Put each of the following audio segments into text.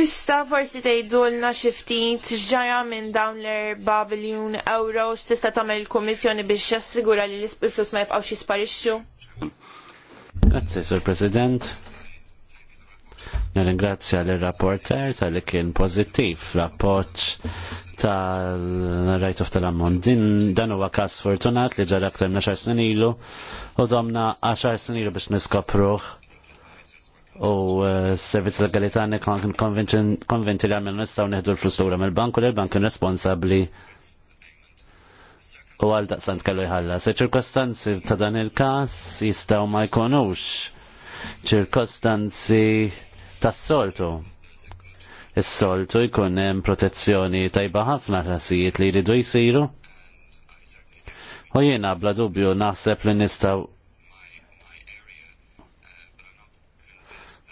Tista forsi tgħidulna xi ftit ġara minn dawn l erba biljun euro x'tista' tagħmel il-Kummissjoni biex jassigura li l-flus ma jibqgħux jisparixxu? Grazie, Sur President. Nirringrazzja l-rapporter tal kien pozittiv l appoġġ tal-Right of tal-Ammont. Din dan huwa kas fortunat li ġara aktar minn 10 snin ilu u domna 10 snin ilu biex niskopruh u eh, s-servizz legali tagħna konvinti li għamil nistgħu neħdu l-flus mill-bank u l-bank responsabli responsabbli u għal daqsant kellu jħalla. Se ċirkostanzi ta' dan il-każ jistgħu ma jkunux ċirkostanzi tas-soltu. Is-soltu jkun hemm protezzjoni tajba ħafna rasijiet li jridu jsiru. U jiena bla dubju naħseb li nistgħu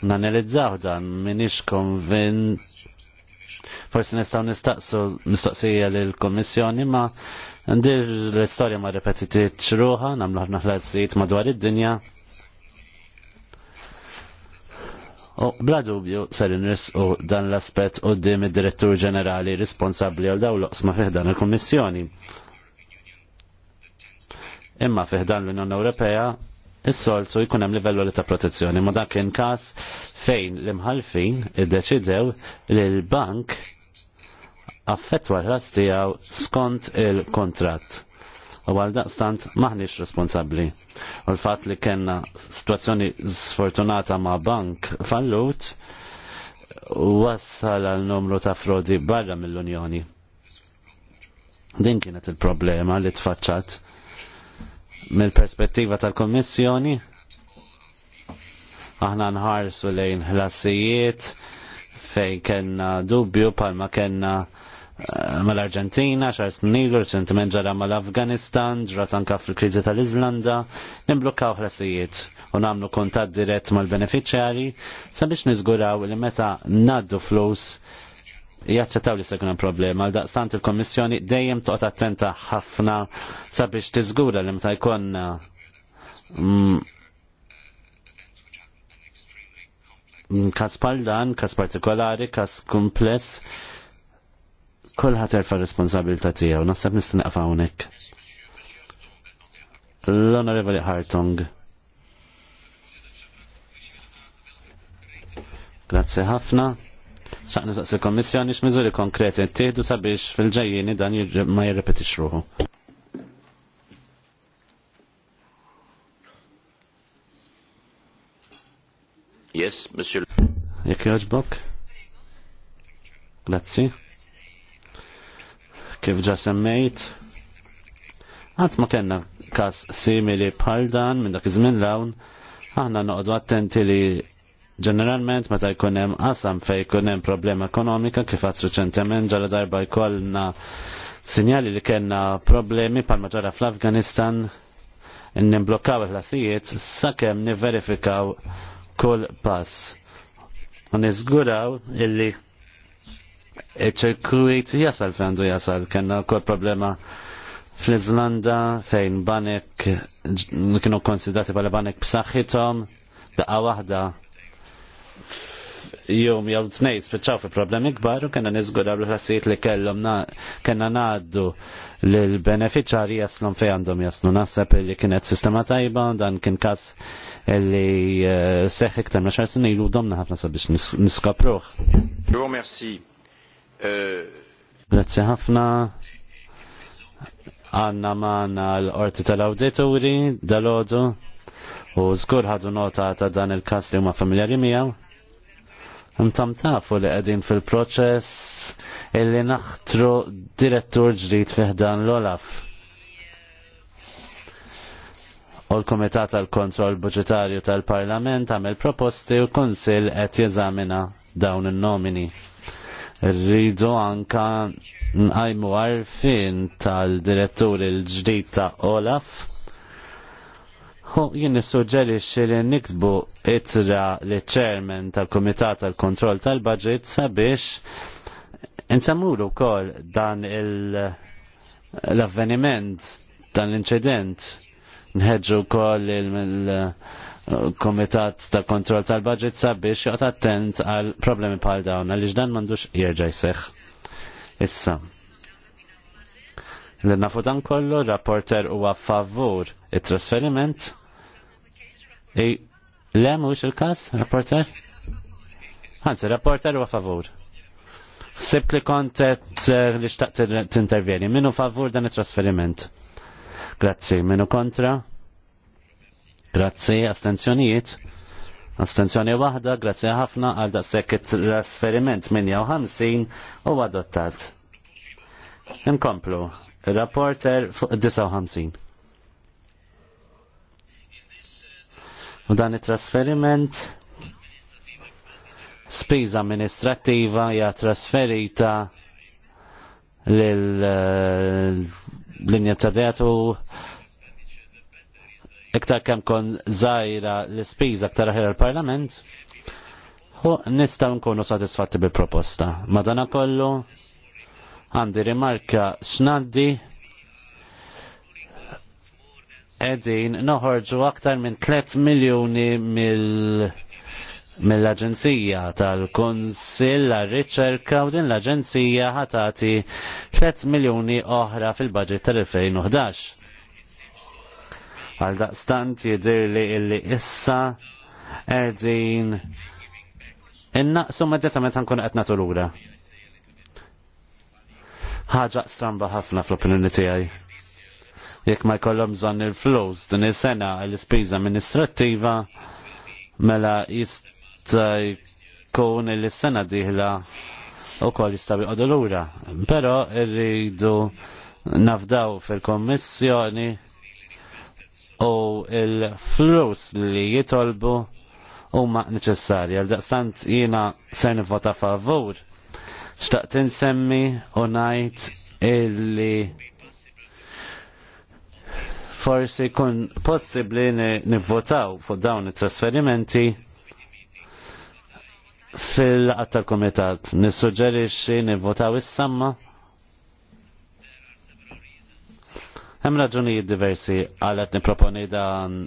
nanalizzaw dan minix konvin forsi nistaw nistaqsu nistaqsija l-Komissjoni ma ndir l-istoria ma repetiti ruħa namlu ħafna ħlasijiet madwar id-dinja U bla dubju ser u dan l-aspet u dim id-direttur ġenerali responsabli għal daw loqsma fiħdan il-Kommissjoni. Imma fiħdan l-Unjoni Ewropea is-soltu jkun hemm livellu li ta' protezzjoni. Ma dak kien każ fejn l-imħalfin iddeċidew li l-bank affettwa l ħas tiegħu skont il-kontratt. U għal daqstant maħniex responsabli. U l-fat li kena situazzjoni sfortunata ma' bank fallut wassal għal numru ta' frodi barra mill-Unjoni. Din kienet il-problema li tfaċċat mill-perspettiva tal-Kommissjoni aħna nħarsu lejn ħlasijiet fejn kellna dubju palma kellna eh, mal-Arġentina, xar snigur, ċentiment ġara mal-Afganistan, ġrat anka fil-krizi tal-Izlanda, nimblokkaw ħlasijiet u namlu kontat dirett mal-beneficjari sabiex nizguraw li meta naddu flus jaċċettaw li se jkun hemm problema. Daqstant il-Kommissjoni dejjem toqgħod attenta ħafna sabiex tiżgura li meta jkollna mm, mm, kas bħal dan, kas partikolari, kas kumpless, kulħadd erfa' responsabilità tiegħu, naħseb nista' neqfa' hawnhekk. L-Onorevoli Hartung. Grazie ħafna. Xaqna saqs il-Kommissjoni x-mizuri konkreti ttieħdu sabiex fil ġajjini dan ma jirrepetix ruħu. Yes, Monsieur. Jek joġbok? Grazzi. Kif ġa semmejt? Għad ma kena kas simili bħal dan minn dak iż-żmien lawn, aħna noqdu attenti li Ġeneralment meta jkun hemm qasam fejn jkunem hemm problema ekonomika kif għad reċentement ġala darba jkollna sinjali li kena problemi palma ġara fl-Afganistan nimblokkaw il-ħlasijiet n verifikaw kull pass. Un niżguraw illi iċ jasal fendu jasal, kena kol problema fl-Izlanda fejn banek kienu konsidrati bħala banek b'saħħithom, daqqa wahda jum jew tnej spiċċaw fi problemi kbar u kena nizgura l-ħassijiet li kellhom kena ngħaddu lil beneficjari jaslhom fejn għandhom jaslu naħseb li kienet sistema tajba dan kien każ li eh, seħħ iktar ma xar snin domna ħafna sabiex niskopruh. Jo, merci. Euh, Grazzi ħafna għanna maħna l-orti tal-auditori dal-ħodu u zgur ħadu nota ta' dan il-kas li huma familjari miegħu Intom tafu li qegħdin fil-proċess illi naħtru direttur ġdid fiħdan l-Olaf. U l-Komitat tal-Kontroll Budgetarju tal-Parlament għamel proposti u konsil qed jeżamina dawn in-nomini rridu anka najmu għarfin tal-direttur il-ġdid ta' Olaf Jien nissuġġerixxi li niktbu itra li ċermen tal-Kumitat tal-Kontroll tal-Budget sabiex insamulu wkoll dan l-avveniment dan l-inċident nħedġu wkoll il-Kumitat tal-Kontroll tal-Budget sabiex joqgħod attent għal problemi bħal dawn għaliex dan m'għandux jerġa' jseħħ. Issa, L-nafu dan kollu, rapporter huwa favur it-trasferiment. Le, mux il-kas, rapporter? Għanzi, rapporter huwa favur. Sibt li kontet eh, li xtaqt t-intervjeni. Minu favur dan it-trasferiment? Grazzi. Minu kontra? Grazzi. Astenzjonijiet? Astenzjoni wahda, grazzi ħafna għal daqsek it-trasferiment ħamsin u adottat. Inkomplu. Rapporter fuq 59. U dan it-trasferiment spiża amministrattiva hija trasferita l-linja eh, ta' detu iktar kem kon zaħira l-spiża aktar ħera l-parlament u nistaw nkunu sodisfatti bil-proposta. Madana kollu għandi rimarka xnaddi edin noħorġu aktar minn 3 miljoni mill aġenzija tal-Konsill għar-Riċerka u din l-Aġenzija ħatati 3 miljoni oħra fil-budget tal-2011. Għal daqstant jidir li illi issa edin innaqsu medjata meta nkun qed nagħtu lura ħaġa stramba ħafna fl-opinjoni tiegħi. Jekk ma jkollhom bżonn il-flus din is-sena l-ispiża amministrattiva mela jista' jkun il-sena diħla u koll jistabi lura. Pero irridu nafdaw fil-kommissjoni u il-flus li jitolbu u ma neċessarja. Għal-daqsant jina se nivvota favur Xtaqt insemmi u ngħid illi forsi kun possibbli nivvotaw fuq dawn it-trasferimenti fil qatta komitat Nissuġġerixxi nivvotaw is-samma Hemm raġunijiet diversi għal qed nipproponi dan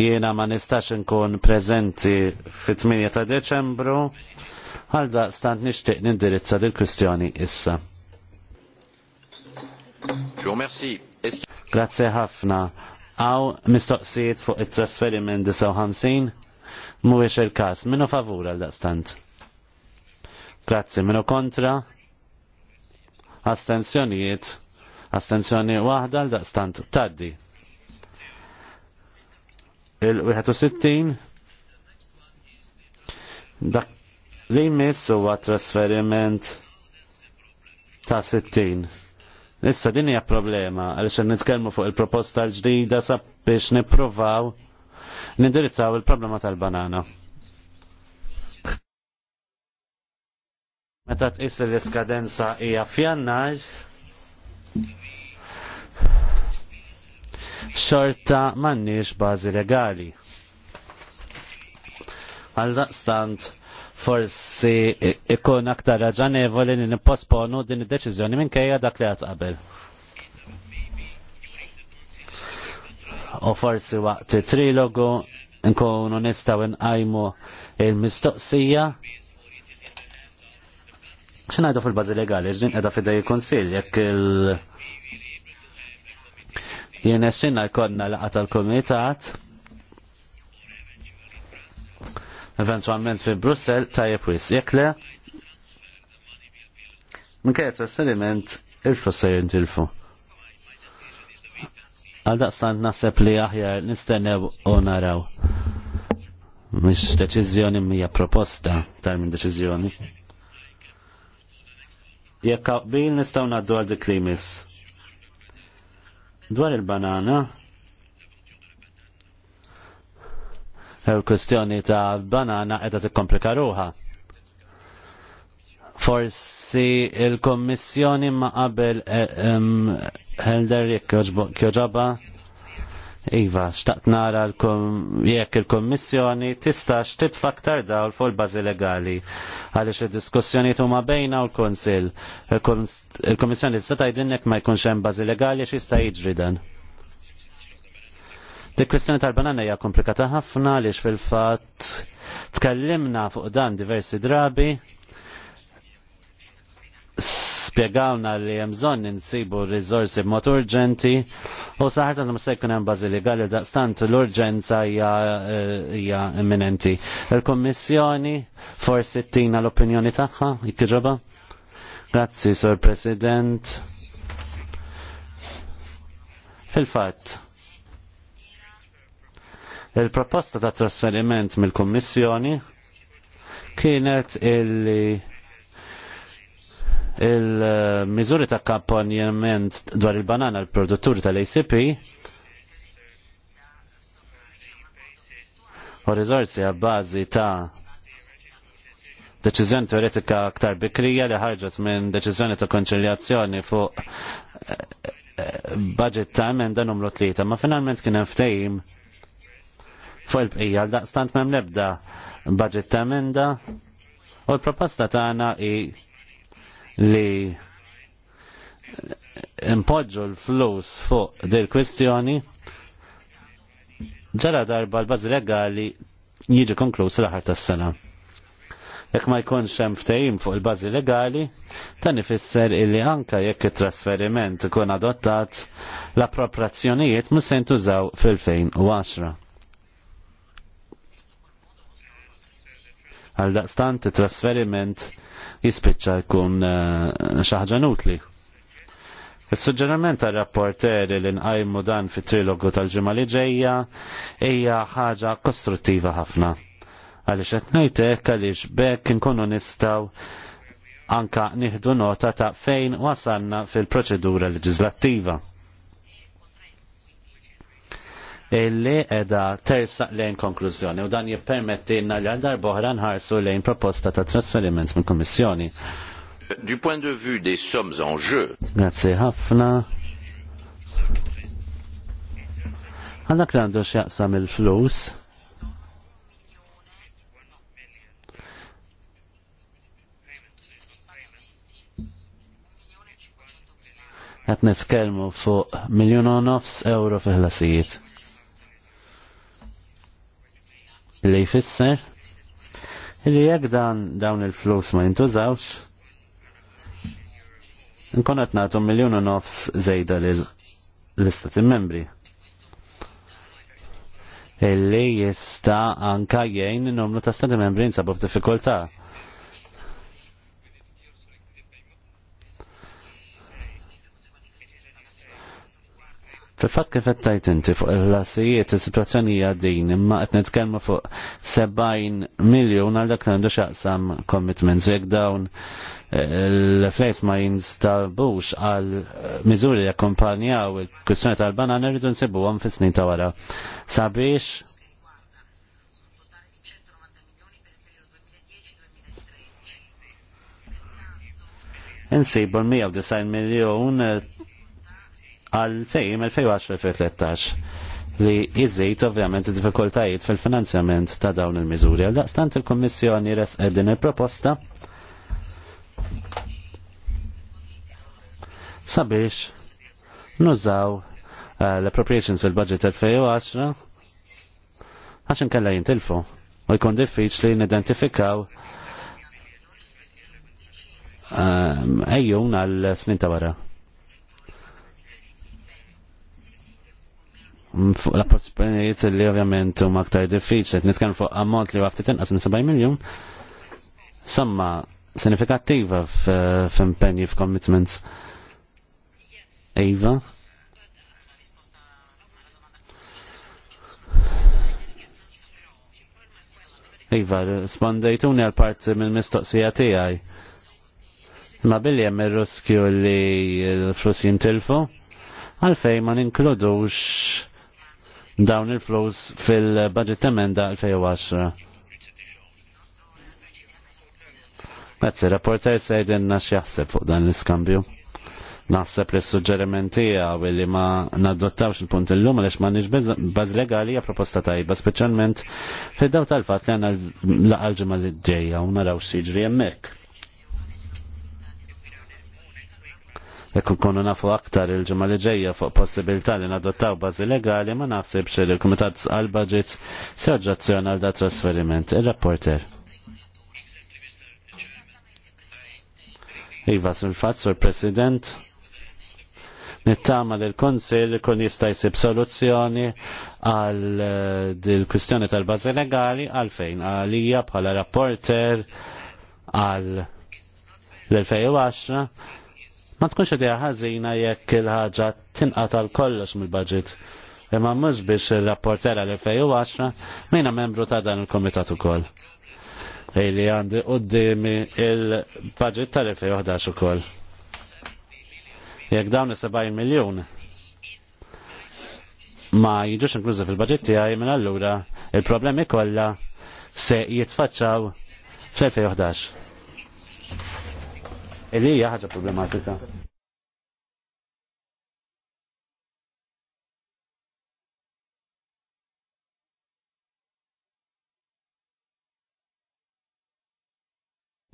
jiena ma nistax inkun preżenti fit-8 ta' Deċembru Għal da stant nixtieq nindirizza dil kwistjoni issa. Grazie ħafna. Għaw mistoqsijiet fuq it-trasferiment 59 mhuwiex il-każ. Minu favur għal daqstant. Grazzi, minu kontra? Astenzjonijiet. Astenzjoni waħda għal daqstant. Taddi. Il-61 dak Li jmiss huwa trasferiment ta' 60. Issa din hija problema għaliex nitkellmu fuq il-proposta l-ġdida sabiex nippruvaw nindirizzaw il-problema tal-banana. Meta tqis l-iskadenza hija f'jannar, xorta m'għandniex bażi legali. Għal daqstant forsi ikun aktar raġanevoli li nipposponu din id-deċiżjoni minkejja dak li għad qabel. U forsi waqt trilogu nkunu nistaw nqajmu il-mistoqsija għajdu fil-bazi legali, ġin għedha fidej konsil, jekk il- Jena xinna jkonna laqa tal-komitat, eventualment fi Brussel ta' wis. Jek le, Mkajet trasferiment il-flus se jintilfu. Għaldaq daqstant naħseb li aħjar nistennew u naraw. Mish deċiżjoni mija proposta ta' minn deċiżjoni. Jekka bil nistaw naddu għal dik li Dwar il-banana, il kwistjoni ta' banana edha tikkomplika ruha. Forsi il-Kommissjoni ma' qabel eh, Helder Kjoġaba Iva, xtaqt nara jekk il-Kommissjoni tistax titfaktar dawl fuq il-bażi legali għaliex id-diskussjoni huma bejna u l-Konsil. Il-Kommissjoni tista' tgħidilnek ma jkunx hemm bażi legali x'ista' jiġri dan. Dik kwestjoni tal-banana hija komplikata ħafna għaliex fil-fatt tkellimna fuq dan diversi drabi spiegawna li hemm bżonn insibu r-riżorsi b'mod urġenti u saħat għandhom se jkun hemm bażi legali daqstant l-urġenza hija eh, imminenti. Il-Kummissjoni forsi tina l-opinjoni tagħha jkiġoba? Grazzi, Sur President. Fil-fatt, Il-proposta ta' trasferiment mill-Kommissjoni kienet illi il-mizuri ta' kampanjament dwar il-banana l-produtturi tal-ACP u rizorsi għabbażi ta' deċiżjoni teoretika aktar bikrija li ħarġet minn deċiżjoni ta' konċiljazzjoni fuq eh, eh, budget ta' emenda numru tlieta, ma finalment kien hemm fuq il-bqija l-daqstant mem nebda budget ta' emenda u l-proposta tagħna i li impoġġu l-flus fuq dil kwistjoni ġara darba l-bażi legali jiġi konkluż l ta' tas-sena. Jekk ma jkunx hemm ftehim fuq il-bażi legali, dan ifisser illi anka jekk it-trasferiment ikun adottat l-appropriazzjonijiet mhux se jintużaw fil-2010. Għal daqstant trasferiment jispiċċa jkun eh, xaħġa nutli. Il-suġġerament tal rapporteri li nqajmu dan fit trilogu tal-ġimgħa li ġejja hija ħaġa kostruttiva ħafna. Għaliex qed ngħid hekk għaliex bekk inkunu nistgħu anka nieħdu nota ta' fejn wasalna fil-proċedura leġislattiva illi edha tersaq lejn konklużjoni u dan jippermetti li għal darbohra nħarsu lejn proposta ta' trasferiment minn kummissjoni Du point de vue des sommes en jeu. Grazie ħafna. Għanna krandu xjaqsam il-flus. għat neskelmu fuq miljon nofs euro fiħlasijiet. li jfisser li jekk dan dawn il-flus ma jintużawx, nkun qed nagħtu miljun u nofs żejda lill-istati membri illi jista anka jgħin numru ta' stati membri nsabu f'diffikultà. Fil-fat kif qed tajt inti fuq il-lasijiet is-sitwazzjoni hija din imma qed nitkellmu fuq 70 miljun għal dak għandu x'aqsam commitments jekk dawn eh, l-flejs ma jinstabux għal eh, miżuri jakkumpanjaw il-kwistjoni tal-banan nirridu nsibuhom fis-snin ta' wara. Sabiex Insibu l-190 miljon eh, għal fejn 2010-2013 li jizzejt ovvjament diffikultajiet fil-finanzjament ta' dawn il-miżuri. Għal daqstant il-Kommissjoni res din il-proposta sabiex nużaw eh, l-appropriations fil-budget 2010 għax nkella jintilfu u jkun diffiċli nidentifikaw eh, ejjun għal snin ta' wara. fuq l-approzzjonijiet li ovvjament huma aktar diffiċli, nitkellem fuq ammont li waftit inqas minn 70 miljun, somma sinifikattiva f'impenji f'commitments. Iva? Iva, rispondejtuni għal parti minn mistoqsija tiegħi. Ma billi hemm ir-riskju li l-flus jintilfu, għalfej ma ninkludux dawn il-flows fil-budget emenda 2010. Grazzi, rapporter sejdin nax jaħseb fuq dan l-iskambju. Naħseb li s-suġġerimenti għaw li ma nadottawx il-punt il-lum għalix ma nix baz legali għa proposta tajba, specialment fil-daw tal-fat li għanna l-għalġima l-ġeja u naraw xieġri jemmek. jekk ikunu nafu aktar il-ġimgħa li ġejja fuq possibilità li nadottaw bażi legali ma naħsibx li l-Kumitat għal budget se oġġazzjona għal da trasferiment. Il-rapporter. Iva, sul-fat, sur-president, nittama li l-Konsil kun jista' jsib soluzzjoni għal eh, dil kwistjoni tal-bażi legali għalfejn għalija bħala rapporter għal l-2010 Ma tkunx idea ħażina jekk il-ħaġa tinqata' kollox mill-budget. Imma mhux biex ir-rapportera l-2010 mina membru ta' dan il-komitat ukoll. Ejli għandi qudiemi il-budget tal-2011 ukoll. Jekk dawn is-70 miljun ma jiġux inklużi fil-budget tiegħi minn allura il-problemi kollha se jitfaċċaw fl-2011. Illi hija ħaġa problematika.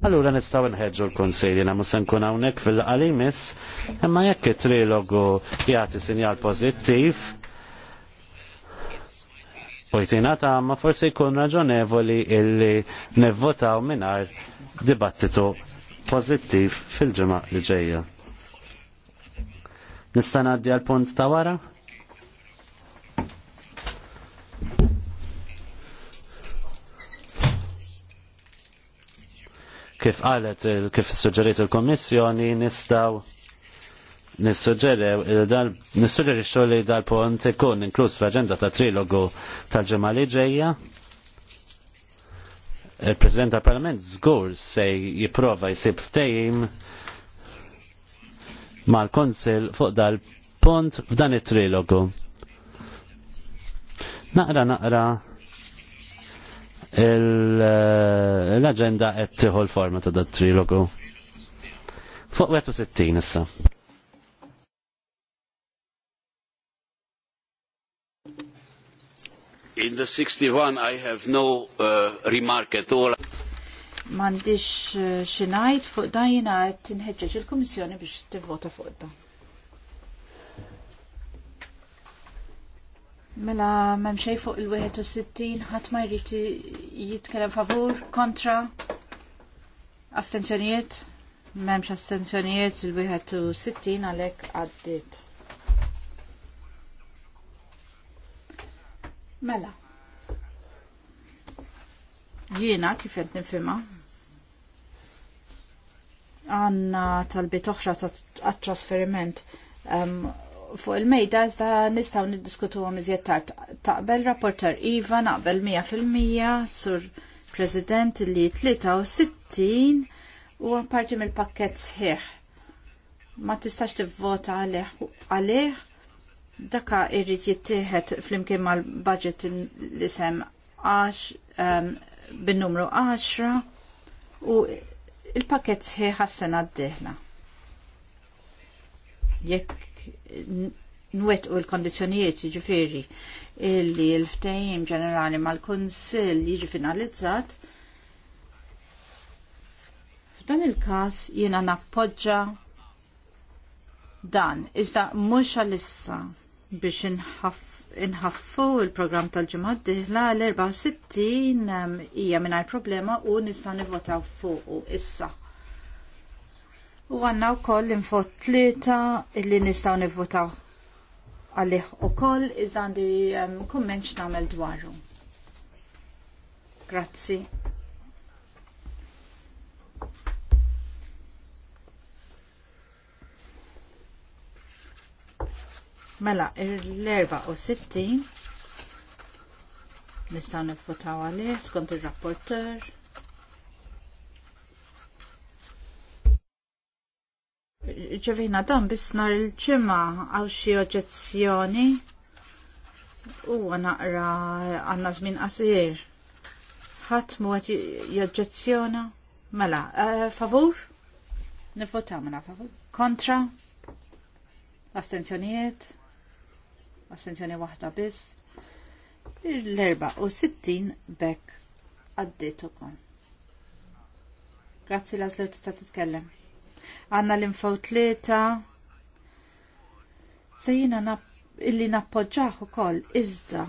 Allura nistaw nħedġu l-konsilji na musen kun hawnhekk fil-qalimis, imma jekk it-trilogu jagħti sinjal pożittiv, u jtina ta' ma forsi jkun raġonevoli illi nevvotaw minar dibattitu pożittiv fil-ġimgħa li ġejja. Nista' ngħaddi għal punt ta' wara? Kif qalet kif suġġeriet il kummissjoni nistgħu nissuġġerew dal nissuġġerixxu li dal-punt ikun inkluż fl-aġenda ta' trilogu tal-ġimgħa li ġejja il-President tal Parlament żgur se jipprova jsib ftehim mal-Konsil fuq dal-pont f'dan it-trilogu. Naqra naqra l-agenda qed tieħu l-forma ta' dat-trilogu. Fuq 60 issa. in the 61 I have no uh, remark at all. Mandiċ uh, xinajt fuq dan jina tinħedġeġ il-Komissjoni biex tivvota fuq dan. Mela m'hemm xejn fuq il-61 ħadd ma jrid jitkellem favur, kontra, astenzjonijiet, m'hemmx astenzjonijiet il-61 għalhekk għaddiet. Mela. Jiena kif qed nifhimha. Għanna talbiet oħra għat-trasferiment fuq il-mejda iżda nistgħu niddiskutu għom iżjed tard. Taqbel rapporter Iva naqbel 100% sur President li 63 u parti mill-pakket sħiħ. Ma tistax tivvota għalih Daka irrit jittieħed flimkien mal-budget li sem um, bin-numru 10 u il-pakket sena d-deħla. Jekk nwet u l-kondizjonijiet ġifiri illi l-ftejim ġenerali mal-konsil jiġi finalizzat, f'dan il-kas jiena nappoġġa dan, iżda mhux għalissa. issa biex inħaffu il-programm tal-ġimgħa d-dieħla l-64 hija mingħajr problema u nista' nivvotaw fuq issa. U għanna u koll infot tlieta illi nistaw nivvotaw għalih u koll iżandi um, kummenċ namel dwaru. Grazzi. Mela, l-64 nistaw nifvotaw għalih skont ir-rapporter. Ġevina dan biss nar il-ġimgħa għaw xi oġġezzjoni u naqra għandna żmien qasir. Ħadd mu qed joġġezzjona? Mela, eh, favur? Nivvotaw mela favur. Kontra? Astenzjonijiet? assenzjoni waħda biss. L-64 bekk għaddit ukoll. Grazzi l ta' tista' titkellem. Għanna l-info tlieta. Sejjina illi nappoġġaħ ukoll iżda.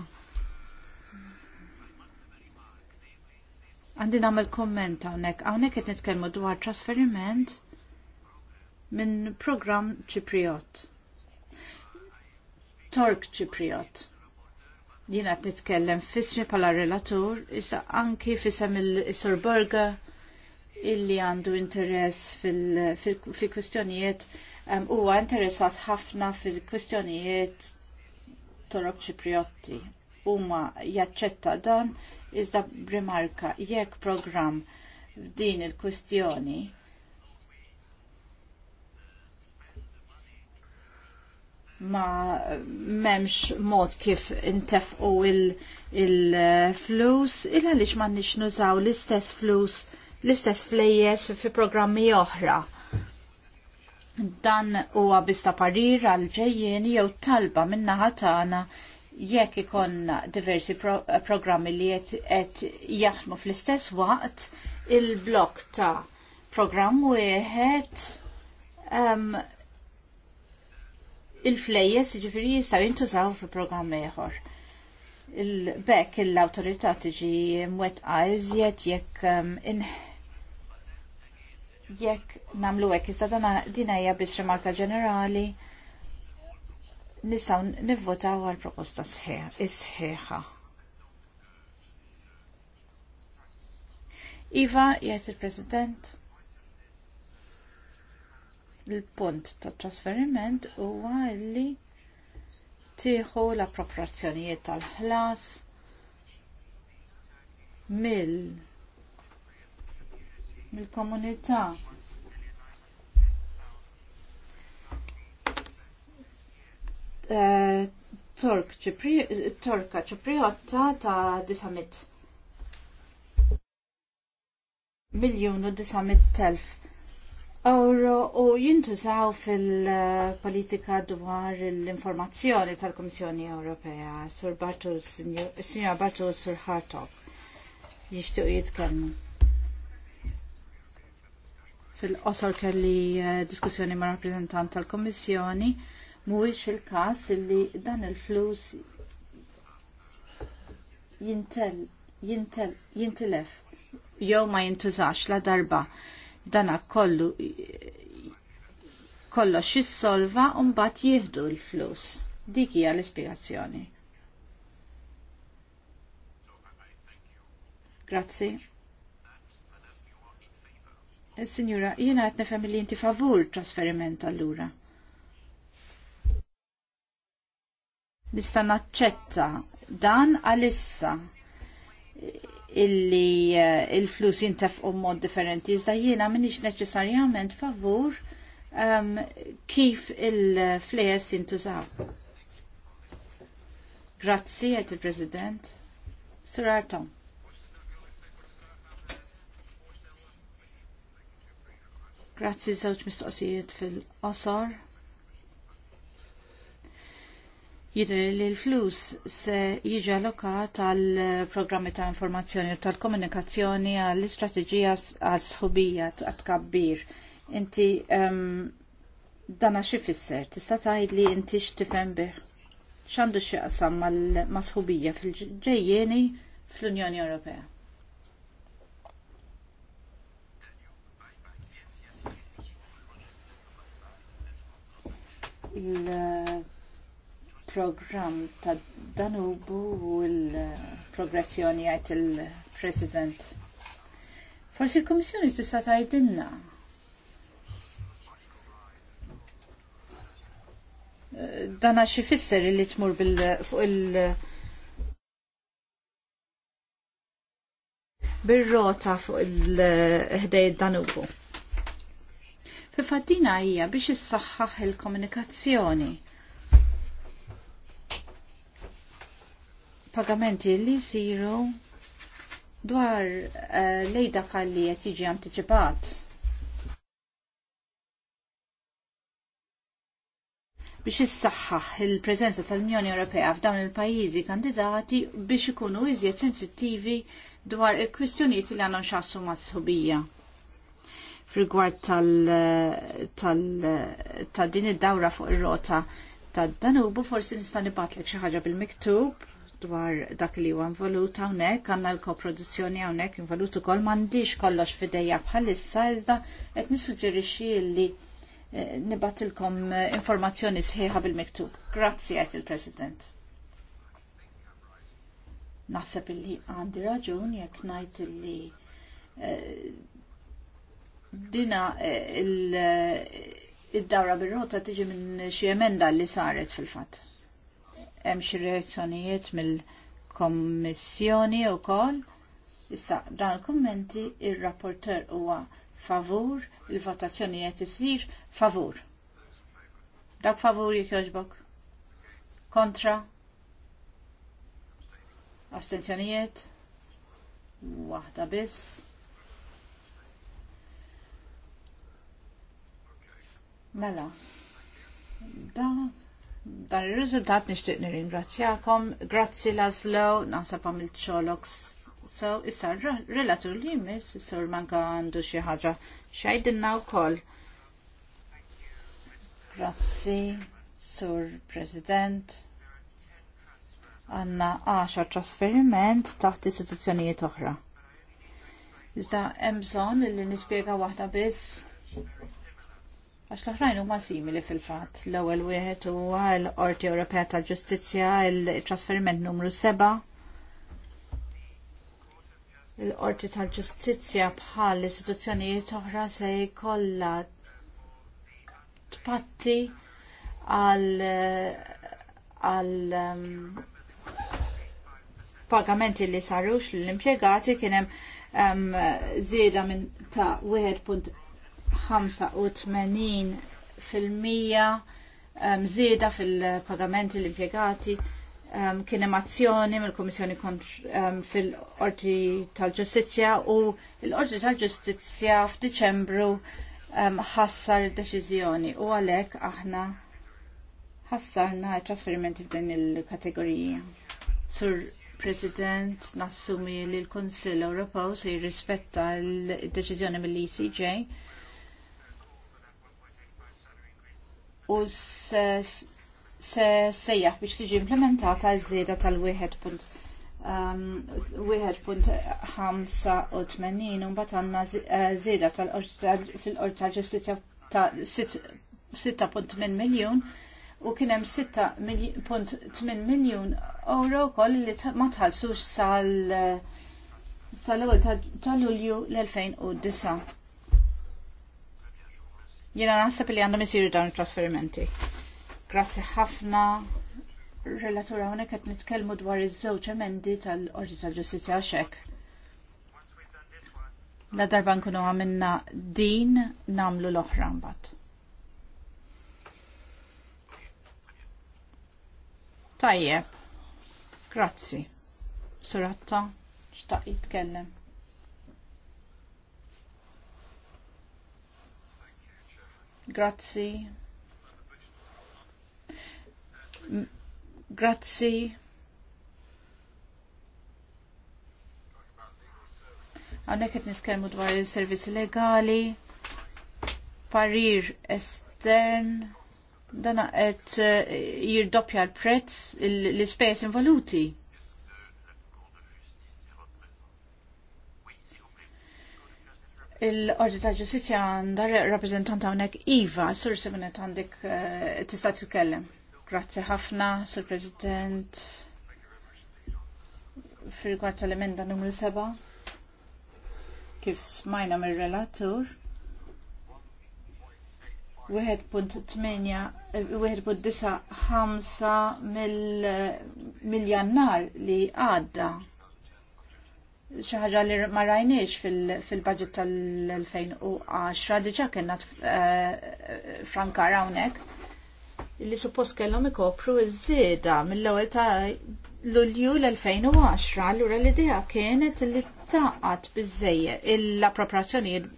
Għandi nagħmel komment hawnhekk, hawnhekk qed nitkellmu dwar trasferiment minn programm Ċipriot. Tork Cipriot. Jien qed nitkellem fismi bħala relatur, issa anki fissam il-Sur Borga illi għandu interess fil-kwistjonijiet huwa interessat ħafna fil-kwistjonijiet Tork Cipriotti. Huma jaċċetta dan iżda brimarka jekk programm din il-kwistjoni ma memx mod kif intefqu il-flus, il il għalix eh, ma nix nużaw l-istess flus, l-istess flejjes fi programmi oħra. Dan huwa għabista parir għal ġejjien jew talba minna tagħna jekk ikonna diversi pro eh, programmi li qed jaħdmu fl-istess waqt il-blok ta' programm wieħed um, il-flejjes ġifiri jistaw jintużaw fi programm ieħor. Il-bekk l autorita tiġi għajz iżjed jekk um, jekk namlu hekk iżda din hija bis remarka ġenerali nistgħu nivvotaw għal proposta sħiħa. Iva, jgħet il-President il punt ta' trasferiment huwa li tieħu l-appropriazzjonijiet tal-ħlas mill mill-komunità uh, ċipri, Torka ċipriotta ta' 900 miljon u 900 euro u jintużaw fil-politika dwar l-informazzjoni tal-Komissjoni Ewropea, Sur Bartu, Signor Bartu, Sur Hartog, jishtuq jitkellmu. Fil-qosor kelli eh, diskussjoni ma' rappresentant tal-Komissjoni, mhuwiex il-każ li dan il-flus jintel, jintel, jintelef, jew ma jintużax la darba dana kollu kollox xissolva u mbagħad jieħdu l-flus. Dik hija l-ispirazzjoni. Grazzi. Signora, jiena qed femmili li inti favur trasferiment allura. Nista' naċċetta dan għalissa illi eh, il-flus u mod differenti. Iżda jiena minix neċessarjament favur um, kif il-flejes jintużaw. Grazzi, għet il-President. Sir Artom. Grazzi, żewġ mistoqsijiet fil-qosor. jidri li l-flus se jiġi allokat għal programmi ta' informazzjoni u tal-komunikazzjoni għall istrateġija għal sħubija ta' tkabbir. Inti um, dana xi tista' tgħid li inti x'tifhem bih. X'għandu x'jaqsam mal-masħubija fil-ġejjeni fl-Unjoni Ewropea? il il-programm ta' Danubu u l-progressjoni għajt il-President. Forsi il-Komissjoni tista' tgħidilna. Dan għax ifisser li tmur bil fuq il- bir-rota fuq il-ħdejt Danubu. Fifaddina hija biex issaħħaħ il-komunikazzjoni pagamenti li jsiru dwar uh, lejda kalli qed jiġi antiċipat. biex issaħħaħ il-preżenza tal-Unjoni Ewropea f'dawn il-pajjiżi kandidati biex ikunu iżjed sensittivi dwar il-kwistjonijiet li għandhom xassu ma' sħubija f'rigward tal-din id-dawra fuq ir-rota tad-Danubu forsi nista' nibatlek xi ħaġa bil-miktub dwar dak li huwa involut hawnhekk għandna l-koproduzzjoni hawnhekk involut ukoll m'għandix kollox f'idejja bħalissa iżda qed nissuġġerixxi li eh, nibatilkom eh, informazzjoni sħiħa bil-miktub. Grazzi għet il-President. Naħseb illi għandi raġun jekk ngħid illi eh, dina il-dawra bil-rota tiġi minn xi emenda li saret fil-fatt hemm xi reazzjonijiet mill-Kommissjoni wkoll. Issa dan il-kummenti ir-rapporter huwa favur, il-votazzjoni isir favur. Dak favur jekk jogħġbok. Kontra. Astenzjonijiet. Waħda biss. Mela. Da dan il-rizultat nishtiq nir-ingrazzjakom. Grazzi Laszlo, nasab għamil ċolox. So, issa, relatur li jmiss, sur manka għandu xi xajdinna u koll. Grazzi, sur President. Għanna għaxa trasferiment taħt istituzzjonijiet oħra. Iżda, emżon li nispiega wahda biss Għax l-oħrajn huma simili fil-fatt. L-ewwel wieħed huwa l-Qorti Ewropea tal-Ġustizzja il-trasferiment numru 7. Il-Qorti tal-Ġustizzja bħal istituzzjonijiet oħra se jkollha tpatti għal għal um, pagamenti li sarux l-impiegati kienem um, zieda minn ta' 1.5 85 fil-mija mżieda um, fil-pagamenti l-impjegati um, kien emazzjoni mill-Kummissjoni um, fil-Qorti tal-Ġustizzja u l-Qorti tal-Ġustizzja f'Diċembru um, ħassar um, id-deċiżjoni u għalhekk aħna ħassarna trasferimenti f'din il-kategorija. Sur President nassumi li l konsil Ewropew se jirrispetta l-deċiżjoni mill-ECJ u se sejjaħ biex tiġi implementata ż-żieda tal-1 um, u Um, 1.85 un bat għanna eh, fil-qorta tal ġustizzja ta' 6.8 miljun u hemm 6.8 miljun euro wkoll li ma tħallsux sal eh, sal-ewwel ta' Lulju l-2009. Jena naħseb li għandhom isiru dawn il-trasferimenti. Grazzi ħafna. Relatura hawnhekk qed nitkellmu dwar iż-żewġ emendi tal-Qorti tal-Ġustizzja għaxek. La darba nkunu għamilna din namlu l-oħra mbagħad. Tajjeb. Grazzi. Suratta, xtaq jitkellem. Grazzi. Grazzi. Għannek qed niskemmu dwar il-servizzi legali, parir estern, dana għet eh, jirdoppja l-prezz l-ispejjeż involuti. Il-Ordi ta' Ġustizja għandha rappreżentant hawnhekk Iva, Sur Seminet għandek eh, tista' titkellem. Grazzi ħafna, Sur President. Fil-kwart tal-emenda numru 7. Kif smajna mir-relatur. 1.95 mill-jannar li għadda ħaġa li ma rajniex fil-budget tal-2010 diġa kena eh, frankar hawnhekk li suppost kellhom ikopru iż-żieda mill-ewwel ta' Lulju l-2010 allura l-idea kienet li taqgħat biżejjed l-appropriazzjonijiet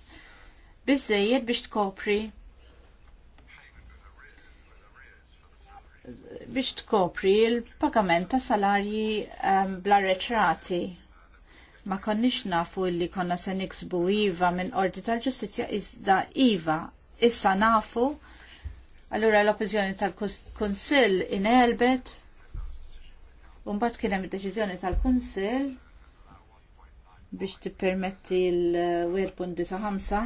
biżejjed biex tkopri biex tkopri l-pagament ta' salarji eh, bla reċrati ma konniex nafu li konna se niksbu IVA minn ordi tal-ġustizja iżda IVA. Issa nafu, allura l-oppozjoni tal-Kunsill inelbet, Umbat kien hemm id-deċiżjoni tal-Kunsill biex tippermetti l-1.95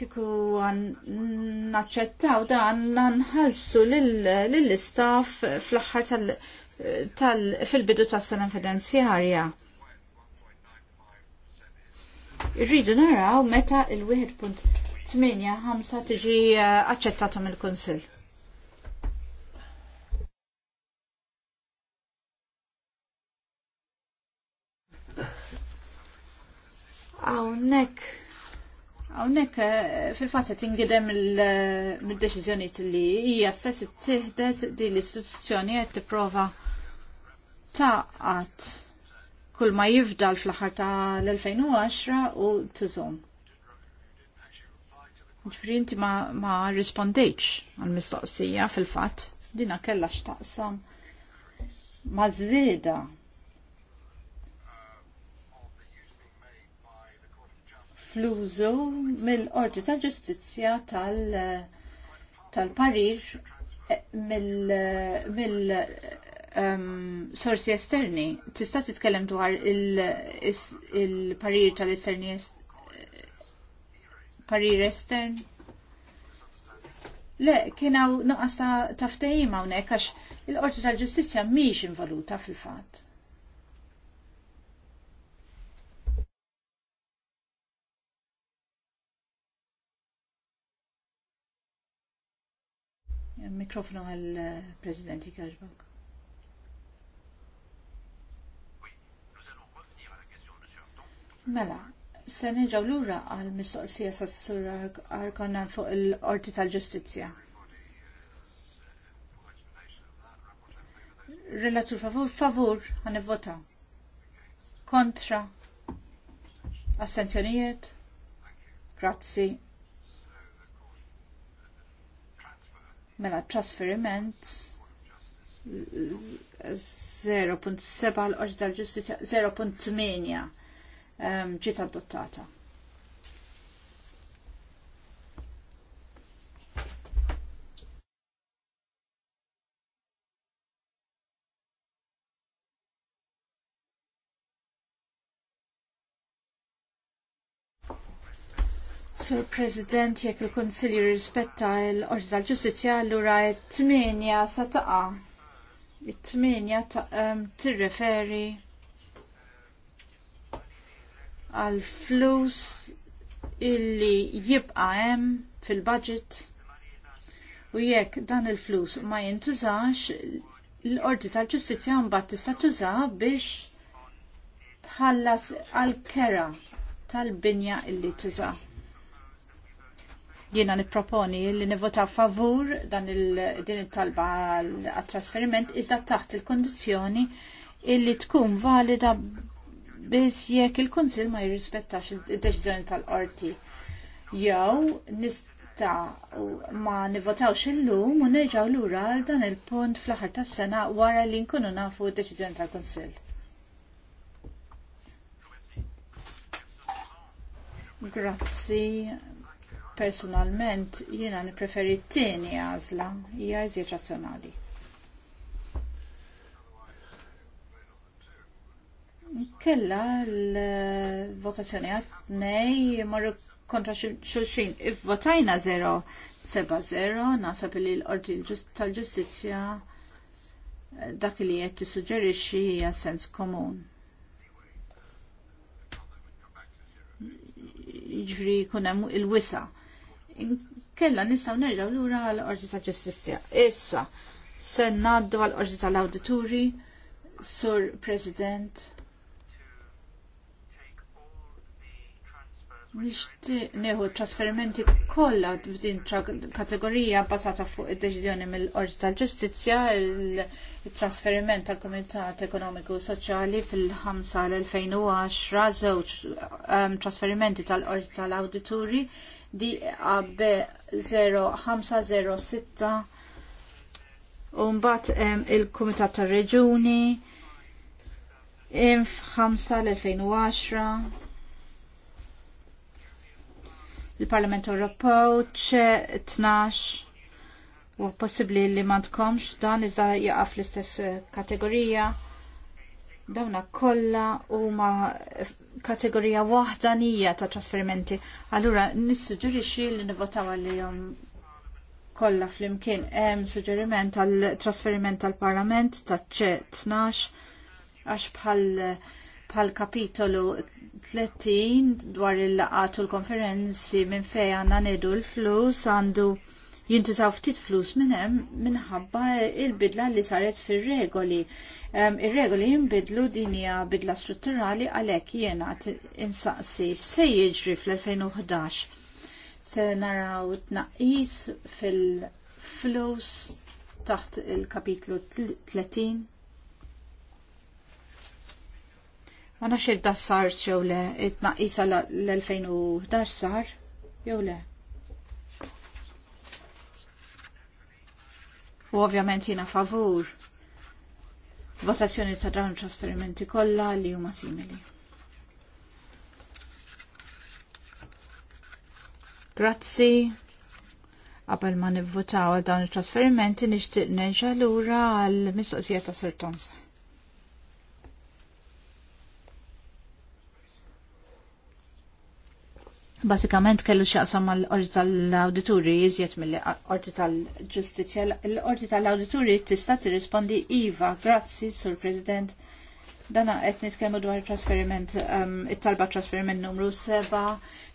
kiku naċċettaw dan nanħalsu lill-istaff fl-axħar tal-, fil-bidu tas sena finanzjarja. Irridu naraw meta il-1.85 tiġi eh, aċċettata mill-Kunsill. Hawnhekk Hawnhekk eh, fil-fatt qed il-deċizjoni eh, deċiżjonijiet li hija stess tieħdet din l-istituzzjoni qed tipprova taqat kull ma jifdal fl-aħħar ta' l-2010 u tużom. Ġifri inti ma, ma rispondejċ għal-mistoqsija fil-fatt dina kella xtaqsam ma' zeda fl mill-Qorti ta' Ġustizzja tal-parir eh, mill-sorsi ehm, esterni. Tista' titkellem dwar il-parir tal-esterni parir estern? Le, kien hawn nuqqas ta' ftehim hawnhekk għax il-Qorti tal-Ġustizzja mhix involuta fil-fatt. Mikrofonu għal-Presidenti eh, Kajbak. Mela, se sani lura għal mistoqsija sa' s-sur għarkonan fuq il-orti tal-ġustizja. Relatur favur, favur, għan vota. Kontra. Astenzjonijiet. Grazzi. Mela trasferiment 0.7 l-Qorti tal-Ġustizja 0.8 ġiet adottata. Sur President, jekk il konsilju rispetta l qorti tal-Ġustizzja, allura t-tminja sa taqa. It-tminja t-referi ehm, għal flus illi jibqa' hemm fil-budget u jekk dan il-flus ma jintużax l-Ordi tal-Ġustizzja mbagħad tista' tuża' biex tħallas għal kera tal-binja illi tuża. Jiena nipproponi li nivvotaw favur dan il-din it-talba għat-trasferiment iżda taħt il-kondizzjoni illi tkun valida biss jekk il-Kunsil ma jirrispettax id-deċiżjoni tal-qorti. Jew nista' ma nivvotawx illum u nerġgħu lura għal dan il-punt fl-aħħar tas-sena wara li nkunu nafu d-deċiżjoni tal-Kunsil. Grazzi personalment jiena nipreferi t-tieni għażla hija iżjed razzjonali. Kella l-votazzjoni għat nej marru kontra xulxin. If-votajna 0-7-0, nasab li l-ordi tal-ġustizja eh, dak li qed tissuġġerixxi xie sens komun. Jiġri jkun hemm il-wisa' kella nistaw nerġaw lura għal-Orġi ta' Ġustizja. Issa, sen naddu għal-Orġi tal-Awdituri, Sur President. Nishti neħu trasferimenti kollha f'din kategorija basata fuq id-deċiżjoni mill-Qorti tal-Ġustizzja il-trasferiment tal-Kumitat Ekonomiku Soċjali fil-5 l-2010 żewġ ehm, trasferimenti tal-Qorti tal-Awdituri DAB 0506 Umbat um, il-Kumitat tar reġuni INF 5 l-2010 il-Parlament Ewropew ċe 12 u possibbli li ma tkomx dan iżda jaqaf fl istess kategorija dawna kollha huma kategorija nija ta' trasferimenti. Allura, nissuġġerixi li nivotaw għalihom kollha flimkien hemm suġġeriment għal trasferiment tal parlament ta' ċe 12 għax bħal kapitolu 30 dwar il laqatu u l-konferenzi minn fejn għanna nedu l-flus għandu jintużaw ftit flus minn hemm minħabba il-bidla li saret fir-regoli. Ir-regoli jinbidlu din hija bidla strutturali għalhekk jiena insaqsi se jiġri fl-2011 se naraw tnaqqis fil-flus taħt il-kapitlu 30 Ma nafx il-dassar xew le, it-naqisa l-2011 sar, jew le. U ovvjament jiena favur votazzjoni ta' dawn trasferimenti kollha li huma simili. Grazzi. Qabel ma nivvotaw għal dawn it trasferimenti nixtieq nerġa' lura għall mistoqsija ta' Sir Thompson. Basikament kellu xaqsam mal qorti tal-awdituri jizjet mill qorti tal-ġustizja. l qorti tal-awdituri tista' tirrispondi Iva, grazzi, Sur President. Dana qed nitkellmu dwar trasferiment, um, it-talba trasferiment numru 7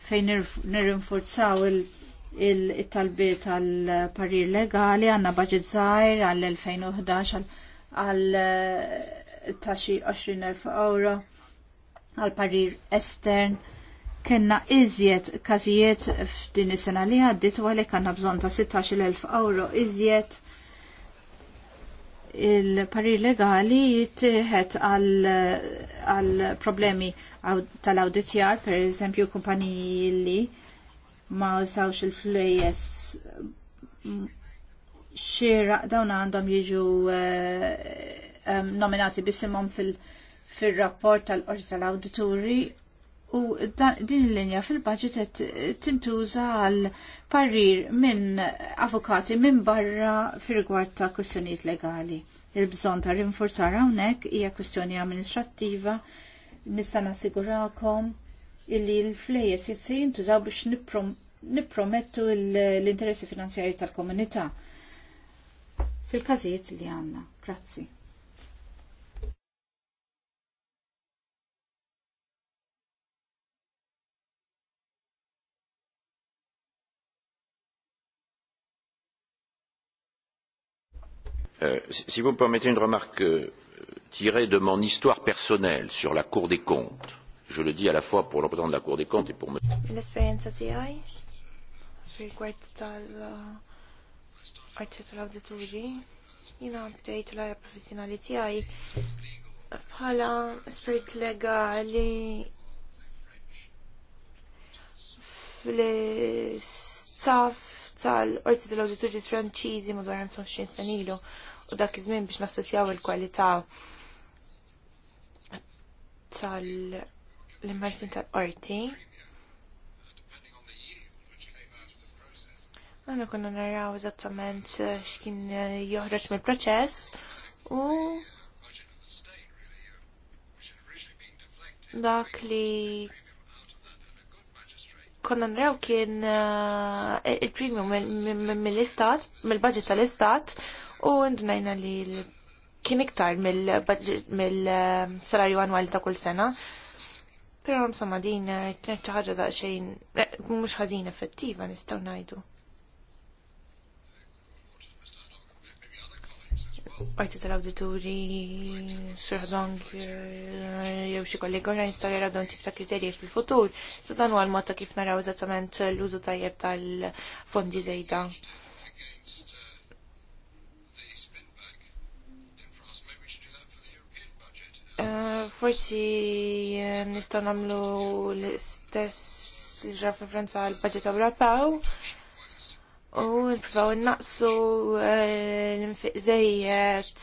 fejn nirrinforzaw il-talbi tal-parir legali għanna budget zaħir għall-2011 għall taxi 20.000 euro għal parir estern kena iżjed każijiet f'din is-sena li għaddit u għalhekk għandna bżonn ta' 16,000 euro iżjed il-parir legali jittieħed għal problemi tal-awditjar, per eżempju kumpaniji li ma użawx il-flejes xira dawn għandhom jiġu eh, nominati bisimhom fil-rapport tal-qorti tal-awdituri u din il-linja fil-budget qed tintuża għal parir minn avukati minn barra fir-rigward ta' kwistjonijiet legali. Il-bżonn ta' rinforzar hawnhekk hija kwistjoni amministrattiva nista' nassigurakom illi l-flejes jitsi jintużaw biex nippromettu l-interessi finanzjari tal-komunità fil-każijiet li għandna. Grazzi. Euh, si vous me permettez une remarque euh, tirée de mon histoire personnelle sur la Cour des comptes, je le dis à la fois pour le président de la Cour des comptes et pour me. L'esperienza bħala spirit legali fl-staff tal orti tal-Awdituri Franċiżi madwar 25 sen ilu u dak iż-żmien biex nassoċjaw il-kwalità tal-immarfin tal orti Għanna konna naraw eżattament eh, x'kien eh, joħroġ mill-proċess u dak li konna nrew kien eh, il-premium mill-istat, mill-budget tal-istat u ndunajna li kien iktar mill-salarju annwali ta' kull sena. Pero insomma din eh, kienet xi ħaġa xejn, eh, mhux ħażin effettiva nistgħu ngħidu. Għajti tal-auditori, xirħdong, jew xie kollega għra instalera don tip ta' kriterji fil-futur. Sadan u għal-mod kif naraw eżattament l-użu tajjeb tal-fondi zejda. Eh, forsi eh, nistaw namlu l-istess l ġar fil-Franza għal-budget Ewropew u nipruvaw naqsu eh, l zejjed.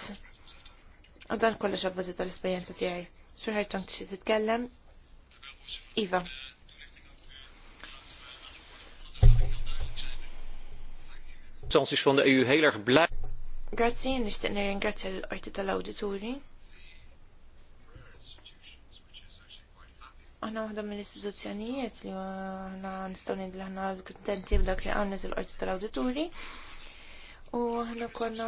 U dan kollox abbażit tal-esperjenza tiegħi. Xorħer tant xi titkellem? Iva. Instanties van de EU heel erg blij. Grazie, nishtiq nirringrazzja l-qorti tal-awdituri. Aħna waħda mill-istituzzjonijiet li aħna nistgħu ngħidu li aħna kuntenti b'dak li għandna il-qorti tal-awdituri. U aħna konna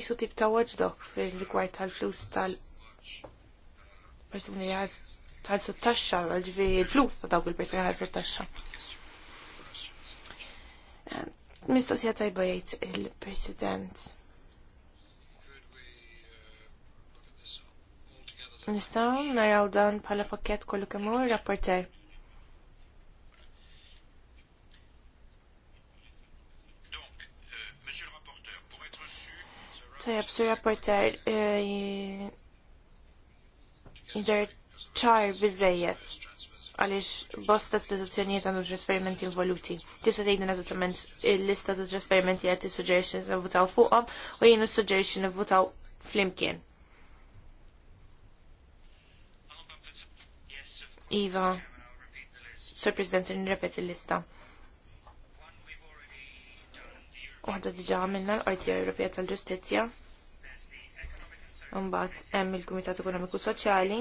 isu tip ta' watchdog fil-rigward tal-flus tal-persuni li għad tal taxxa ġifieri l-flus ta' dawk il-persuni li għad taxxa Mistoqsija tajba jgħid il-President. Nistaw naraw dan pala pakket kollu kemm rapporter. Tajab, sur rapporter, eh, jider ċar bizzejiet għalix bosta istituzzjonijiet għandu trasferimenti involuti. Tista' tgħidna eżattament il-lista ta' trasferimenti qed tissuġġerixxi nivvutaw fuqhom u jien nissuġġerixxi nivvutaw flimkien. Iva, Sir President, nirrepet il-lista. Waħda diġa għamilna l qajtija Ewropea tal-Ġustizzja. Mbagħad hemm il-Kumitat Ekonomiku Soċjali.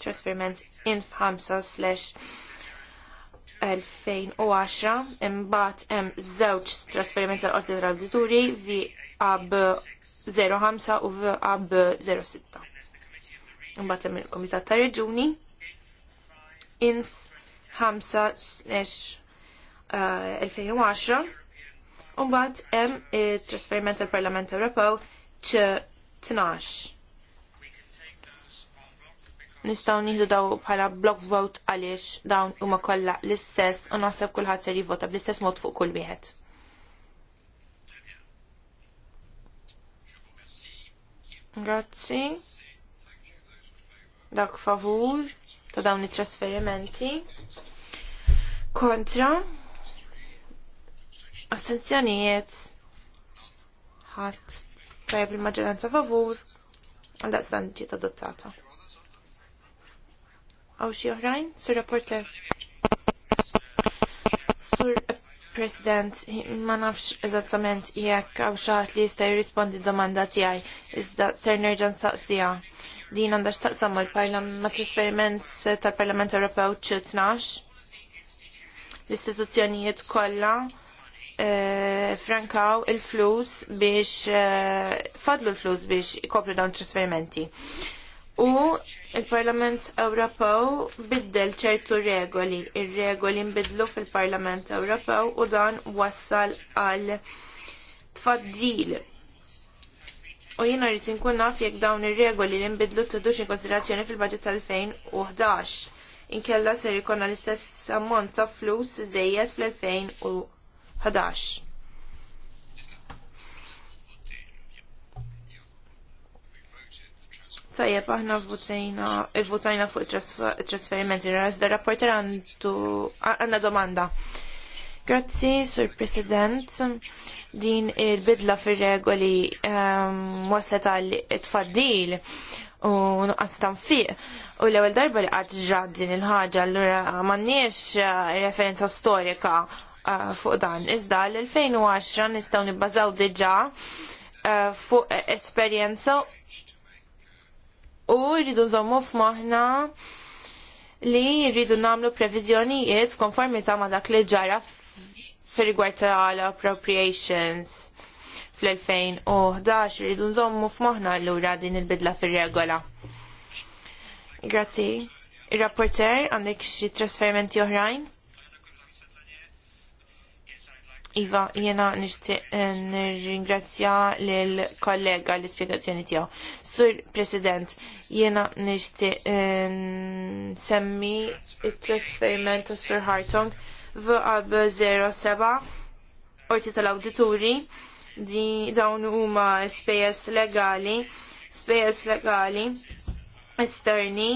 Transferment in 5/2010 imbagħad hemm żewġ trasferiment tal-Qorti tal-Awdituri vi ab 05 u v ab 06. Imbagħad hemm il-Kumitat tar Reġuni in 5-2010 uh, Umbat hemm it-trasferiment tal-Parlament Ewropew ċ 12. Nistgħu nieħdu daw bħala block vote għaliex dawn huma kollha l-istess u naħseb kulħadd ser jivvota bl-istess mod fuq kull wieħed. Grazzi. Dak favur ta' dawn it-trasferimenti. Kontra astenzjonijiet ħadd tajjeb il-maġġoranza favur għal daqstan ġiet adottata. Għaw xi oħrajn, sur rapporter. President, ma nafx eżattament jekk għaw xaħat li jista' jirrispondi domanda tiegħi, iżda ser nerġan saqsija. Din għandha x'taqsam l parlament trasferiment tal-Parlament Ewropew tnax. L-istituzzjonijiet kollha eh, frankaw il-flus biex eh, fadlu l-flus biex ikopru dawn trasferimenti. trasferimenti U il-Parlament Ewropew biddel ċertu regoli. Ir-regoli nbidlu fil-Parlament Ewropew u dan wassal għal tfaddil. U jiena rrit inkun naf jekk dawn ir-regoli li nbidlu in konsiderazzjoni fil baġit tal-2011. Inkella ser jkollna l-istess ammont ta' flus żejjed fl-2011. Tajjeb, aħna votajna fuq il-trasferimenti, da rapporter għandu għanna domanda. Grazzi, Sur President. Din il-bidla fil-regoli ehm, waset għal tfaddil u nuqqas tanfiq. U l-ewel darba li għad ġrad din il-ħagġa, allura manniex eh, referenza storika eh, fuq dan. Iżda l-2010 nistaw nibbażaw diġa eh, fuq esperienza u rridu nżommu f'moħħna li rridu nagħmlu previżjonijiet konformità ma' dak li ġara f'rigward rigward tal-appropriations fl-2011 rridu nżommu f'moħħna allura din il-bidla fir-regola. Grazzi. Ir-rapporter għandek xi trasferimenti oħrajn? Iva, jena eh, nirringrazzja l-kollega l-ispiegazzjoni tijaw. Sur President, jena nishti eh, semmi il-trasferiment ta' Sur Hartong vqab 07 orti tal-awdituri di dawn huma spejjeż legali, spejjeż legali esterni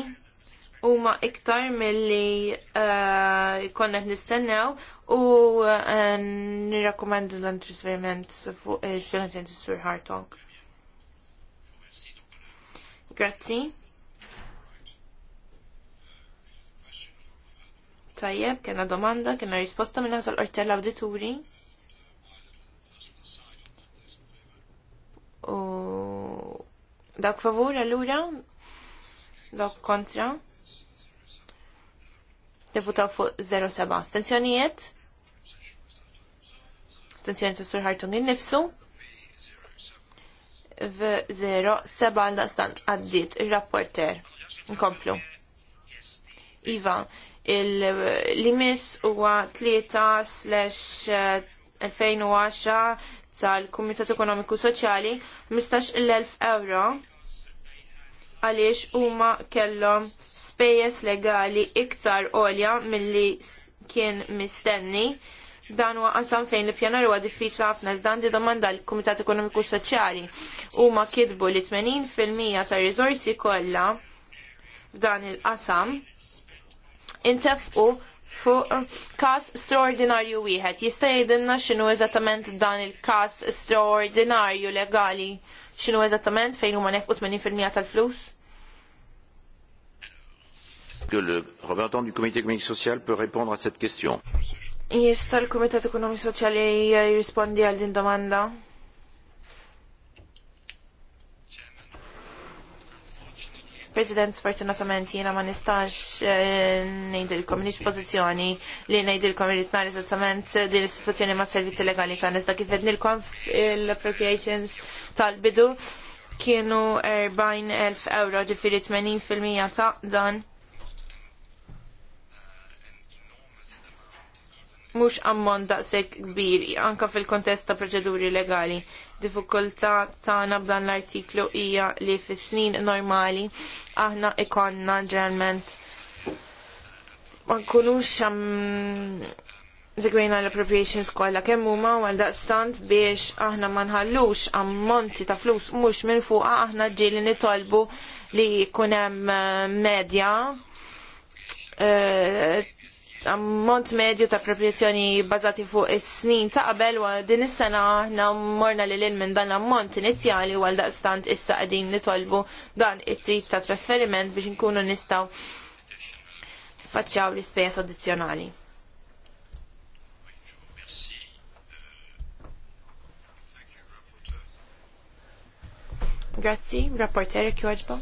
huma iktar milli uh, eh, konnet nistennew u uh, eh, l-antrasferiment fuq l-esperienza eh, sur Hartog. Grazzi. Tajjeb, kena domanda, kena risposta minna tal qortel l-auditori. U dak favur allura, dak kontra. Nivutaw fuq 07 astenzjonijiet. Stenzjonijiet? ta' Sur Hartung innifsu. V07 daqstan għaddit il-rapporter. Nkomplu. Iva, il-limis huwa 3/2010 eh, tal-Kumitat Ekonomiku Soċjali 15 l-1000 euro għaliex huma kellhom spejjeż legali iktar għolja milli kien mistenni. Dan huwa qasam fejn li pjanar huwa diffiċli ħafna żdan di domanda l-Kumitat Ekonomiku Soċjali huma kitbu li 80% ta' riżorsi kollha f'dan il-qasam intefqu fuq uh, kas straordinarju wieħed. Jista' jgħidilna x'inhu eżattament dan il kas straordinarju legali x'inhu eżattament fejn huma nefqu 80% tal-flus? que le représentant du comité économique social peut répondre à cette question. Jista l-Kumitat Ekonomiku Soċjali jirrispondi għal din domanda? President, sfortunatament jiena ma nistax eh, ngħidilkom nix pożizzjoni li ngħidilkom irid nar eżattament din is-sitwazzjoni ma' servizzi legali ta' nista kif ednilkom il-appropriations tal-bidu kienu 40,000 euro ġifiri 80% ta' dan mhux ammont daqshekk kbir anke fil-kontest ta' proċeduri legali. Diffikultà tagħna b'dan l-artiklu hija li fis-snin normali aħna ikonna ġeneralment ma nkunux Segwejna um, l-appropriations kollha kemm huma għal daqstant biex aħna ma nħallux ammonti ta' flus mhux minn aħna ġieli nitolbu li jkun hemm uh, medja uh, ammont medju ta' proprjezzjoni bazati fuq is-snin ta' qabel wa din is-sena aħna morna lil il minn dan l-ammont inizjali għal daqstant issa qegħdin nitolbu dan it-trid ta' trasferiment biex inkunu nistgħu faċċaw l-ispejjeż addizzjonali. Grazzi, che kjoġba.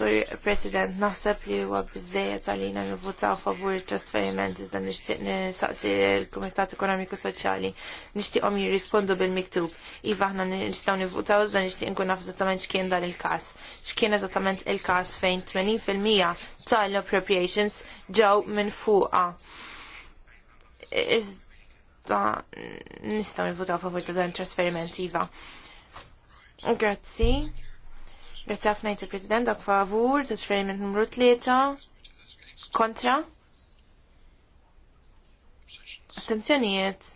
Sur President, naħseb li huwa biżejjed għalina nivvutaw favur it-trasferiment iżda nixtieq nisaqsi l-Kumitat Ekonomiku Soċjali. Nixtieqhom jirrispondu bil-miktub. Iva aħna nistgħu nivvutaw iżda nixtieq nkun naf eżattament x'kien dan il-każ. X'kien eżattament il-każ fejn 80% tal-appropriations ġew minn fuqha. Iżda nistgħu nivvutaw favur ta' dan trasferiment iva. Grazzi. Grazie ħafna il-President, dak favur, t-sferim trasferiment numru t-leta, kontra. Astenzjonijiet,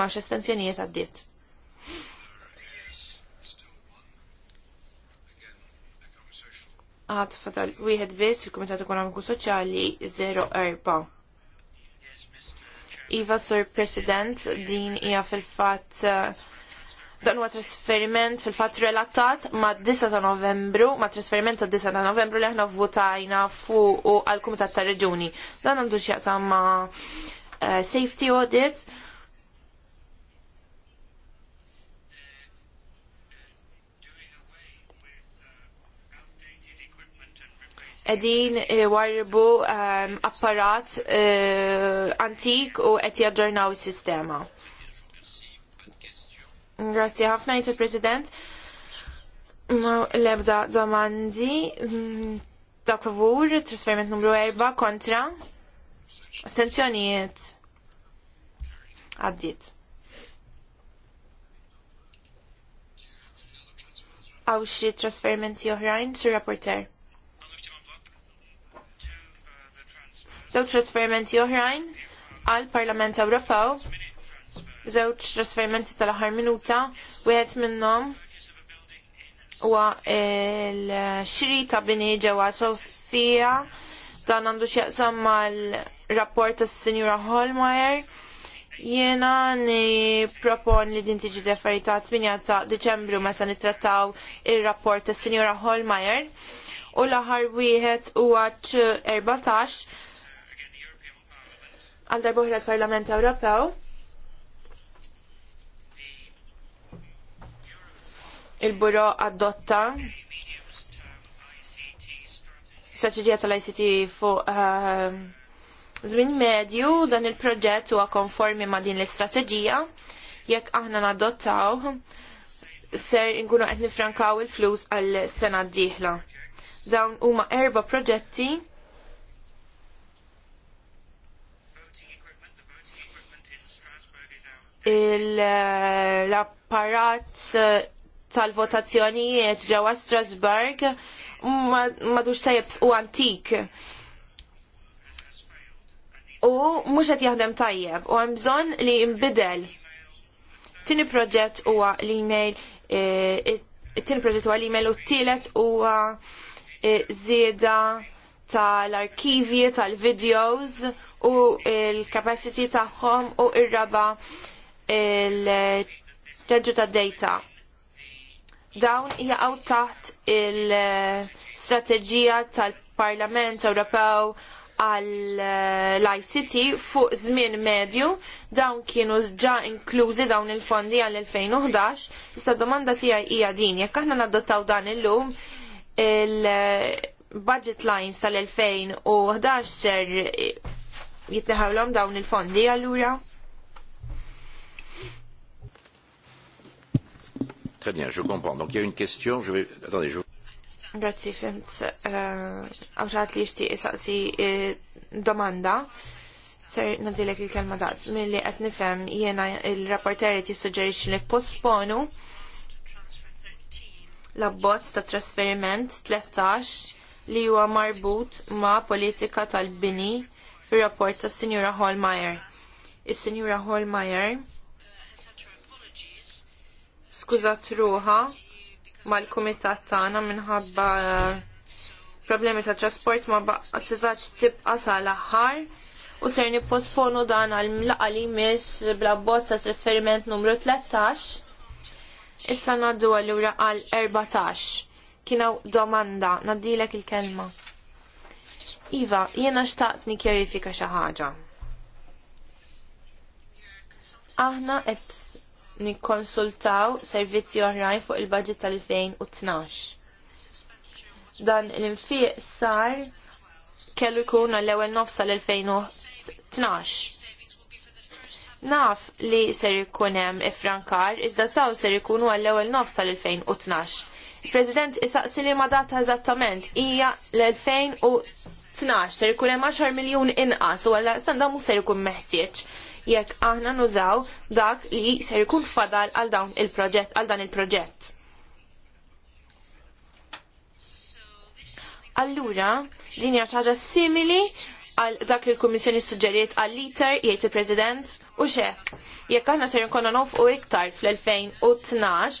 maċ astenzjonijiet għaddit. Għad fatal, u jħed bis il-Komitat Ekonomiku Soċjali 04. Iva, Sir President, din hija fil fat uh, Dan huwa trasferiment fil-fatt relatat ma' 10 ta' Novembru, ma' trasferiment ta' 10 ta' Novembru li aħna votajna fuq għal Kumitat ta' Reġuni. Dan għandu x'jaqsam ma' eh, safety audit. edin eh, warbu eh, apparat antik u qed jaġġornaw is-sistema. Grazzi ħafna jt president L-ebda domandi Da favur, trasferiment numru 4 kontra astenzjonijiet għaddit. Għaw xie trasferimenti oħrajn sur rapporter. Daw trasferimenti oħrajn għal Parlament Ewropew żewġ trasferimenti tal-aħħar minuta, wieħed minnhom huwa l xri ta' bini ġewwa Sofija dan għandu x'jaqsam l rapport tas-Sinjura Holmeyer. Jena ni propon li din tiġi referita 8 ta' Deċembru meta nittrattaw il-rapport ta' Sinjora Holmeyer u l-aħar wieħed huwa 14 għal darbohra l-Parlament Ewropew. il-buro adotta strategija tal-ICT fuq eh, żmien medju dan il-proġett huwa konformi ma' din l-istrateġija jekk aħna nadottaw ser inkunu qed nifrankaw il-flus għal sena d-dieħla. Dawn huma erba' proġetti l-apparat tal-votazzjonijiet ġewwa Strasburg madux tajjeb u antik. U mhux qed jaħdem tajjeb u hemm bżonn li jinbidel. Tini proġett huwa l-email, it-tieni e, e, proġett huwa l-email u t-tielet huwa żieda e, tal-arkivji tal-videos u l-kapacity tagħhom u r-raba il-ċentru tad-data dawn jaqgħu taħt il-strateġija tal-Parlament Ewropew għall-ICT eh, fuq żmien medju dawn kienu ġa inklużi dawn il-fondi għall-2011. Issa domanda tiegħi hija din, jekk aħna nadottaw dan illum il-budget eh, lines tal-2011 eh, jitneħawlhom dawn il-fondi allura? Très bien, je comprends. Donc il y a une question, je vais... Attendez, je... Grazzi, xemt, eh, għamxat li jishti isaqsi eh, domanda, ser nadilek il-kelma daqt, mill-li għet nifem jena il-rapporteri ti suġġerix li posponu l-abbozz ta' trasferiment 13 li huwa marbut ma' politika tal-bini fir rapport ta' Sinjura Hallmeyer. Is-Sinjura Hallmeyer skużat truha mal-kumitat tagħna minħabba eh, problemi ta' trasport ma baqa setax tibqa sal-aħħar u ser nipposponu dan għal mlaqa li jmiss bla bozza trasferiment numru 13 issa naddu għallura għal 14 kienaw domanda naddilek il-kelma Iva, jiena xtaqt nikjerifika xi ħaġa. Aħna qed nikkonsultaw servizzi oħrajn fuq il-budget tal-2012. Dan l-infiq sar kellu jkun għall ewwel nofs l-2012. Naf li ser ikun hemm ifrankar iżda saw ser ikunu għall ewwel nofs tal-2012. President isaqsi li ma data eżattament hija l-2012 ser ikun hemm 10 miljun inqas u għalla standa mhux ser ikun meħtieġ jekk aħna nużaw dak li ser ikun fadal għal dawn il-proġett għal dan il-proġett. Allura, din hija ħaġa simili għal dak li l-Kummissjoni suġġeriet għal liter jgħid il-President u xek. Jekk aħna ser jkollna nofqu iktar fl-2012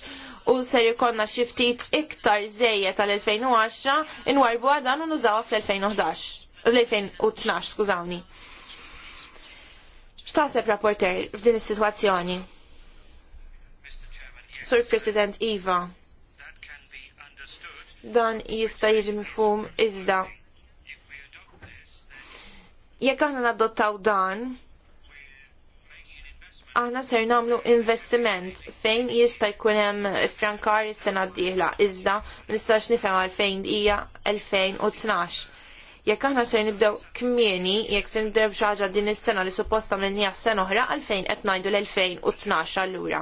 u ser jkollna xi ftit iktar żejja tal-2010 inwarbu għadan u nużawha fl-2011. L-2012, skużawni. X'taħseb rapporter f'din is-sitwazzjoni? Sur President Iva, dan jista' jiġi mifhum iżda. Jekk aħna nadottaw dan, aħna ser nagħmlu investiment fejn jista' jkun hemm frankar is-sena d-dieħla iżda ma nistax nifhem għalfejn hija 2012. Jekk aħna se nibdew kmieni, jekk se nibdew xi ħaġa din is-sena li supposta minn hija sena oħra għalfejn qed ngħidu l-2012 allura.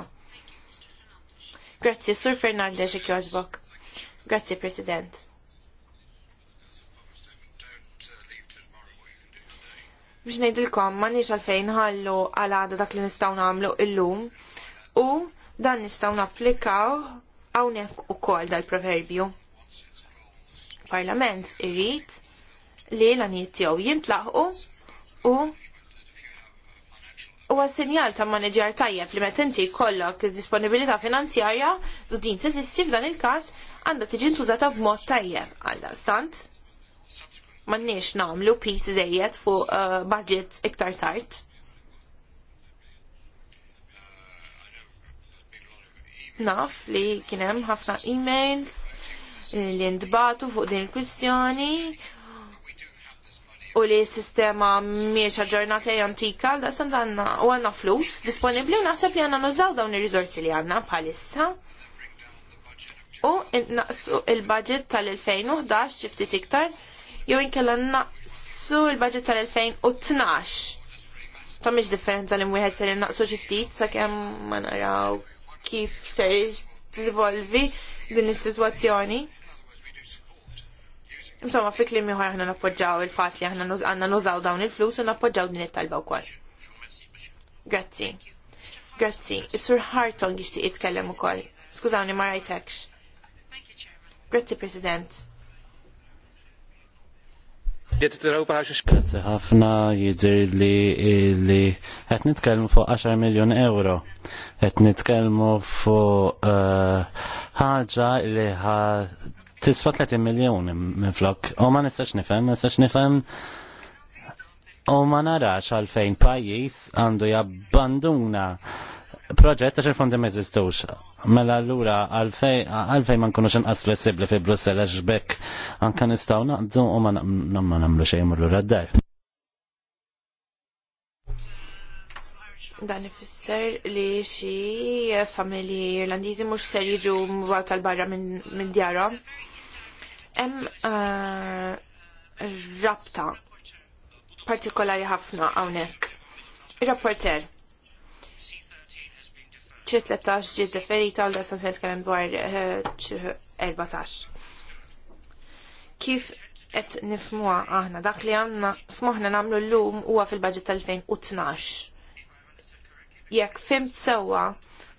Grazzi, Sur Fernandez ikjoġbok. Grazzi, President. biex ngħidilkom, ma nix għalfejn ħallu għal għada dak li nistgħu nagħmlu illum u dan nistgħu napplikaw hawnhekk ukoll dal-proverbju. Parlament irrit li l-għaniet tiegħu jintlaħu u huwa sinjal ta' maneġjar tajjeb li meta inti jkollok disponibilità finanzjarja u din teżisti f'dan il-każ għandha tiġi ntużata b'mod tajjeb għal stant. M'għandniex nagħmlu pis żejjed fuq uh, budget iktar tard. Naf li kien hemm ħafna emails li ntbatu fuq din il-kwistjoni u li s-sistema miex aġġornata antika, da san għanna u għanna flus disponibli u naħseb li għanna nużaw dawn il-rizorsi li għanna bħalissa. U naqsu il-budget tal-2011 ċiftit iktar, jew inkella naqsu il-budget tal-2012. Tom iġ differenza li mwieħed ser naqsu ċiftit sa' kem ma naraw kif ser tivolvi din is-situazzjoni. Insomma, fi klim ieħor aħna nappoġġaw il fat li aħna għanna nużaw dawn il-flus u nappoġġaw din it-talba u kol. Grazzi. Grazzi. Is-Sur Hartong jixtieq jitkellem kol. Skużawni ma rajtekx. Grazzi President. t-tiraw Grazzi ħafna jidżir li li qed nitkellmu fuq 10 miljon euro. Għet nitkelmu fuq eh, ħaġa li ħa tisfa 30 miljon minn flok. U ma nistax nifhem, nistax nifhem u ma narax għalfejn pajjiż għandu jabbanduna proġett għax il-fondi ma jizistux. Mela allura għalfejn ma nkunux inqas flessibbli fi Brussel għax bekk anke nistgħu naqdu u ma nagħmlu xejn d dar Dan ifisser li xi familji Irlandiżi mhux ser jiġu mbagħad tal-barra minn djarhom. Hemm eh, rabta partikolari ħafna hawnhekk. Ir-rapporter. Xi tletax ġiet deferita għal dasan se tkellem dwar 14. Eh, Kif qed nifmuha aħna dak li għandna f'moħħna nagħmlu llum huwa fil-baġġett tal-2012 jekk fimt sewwa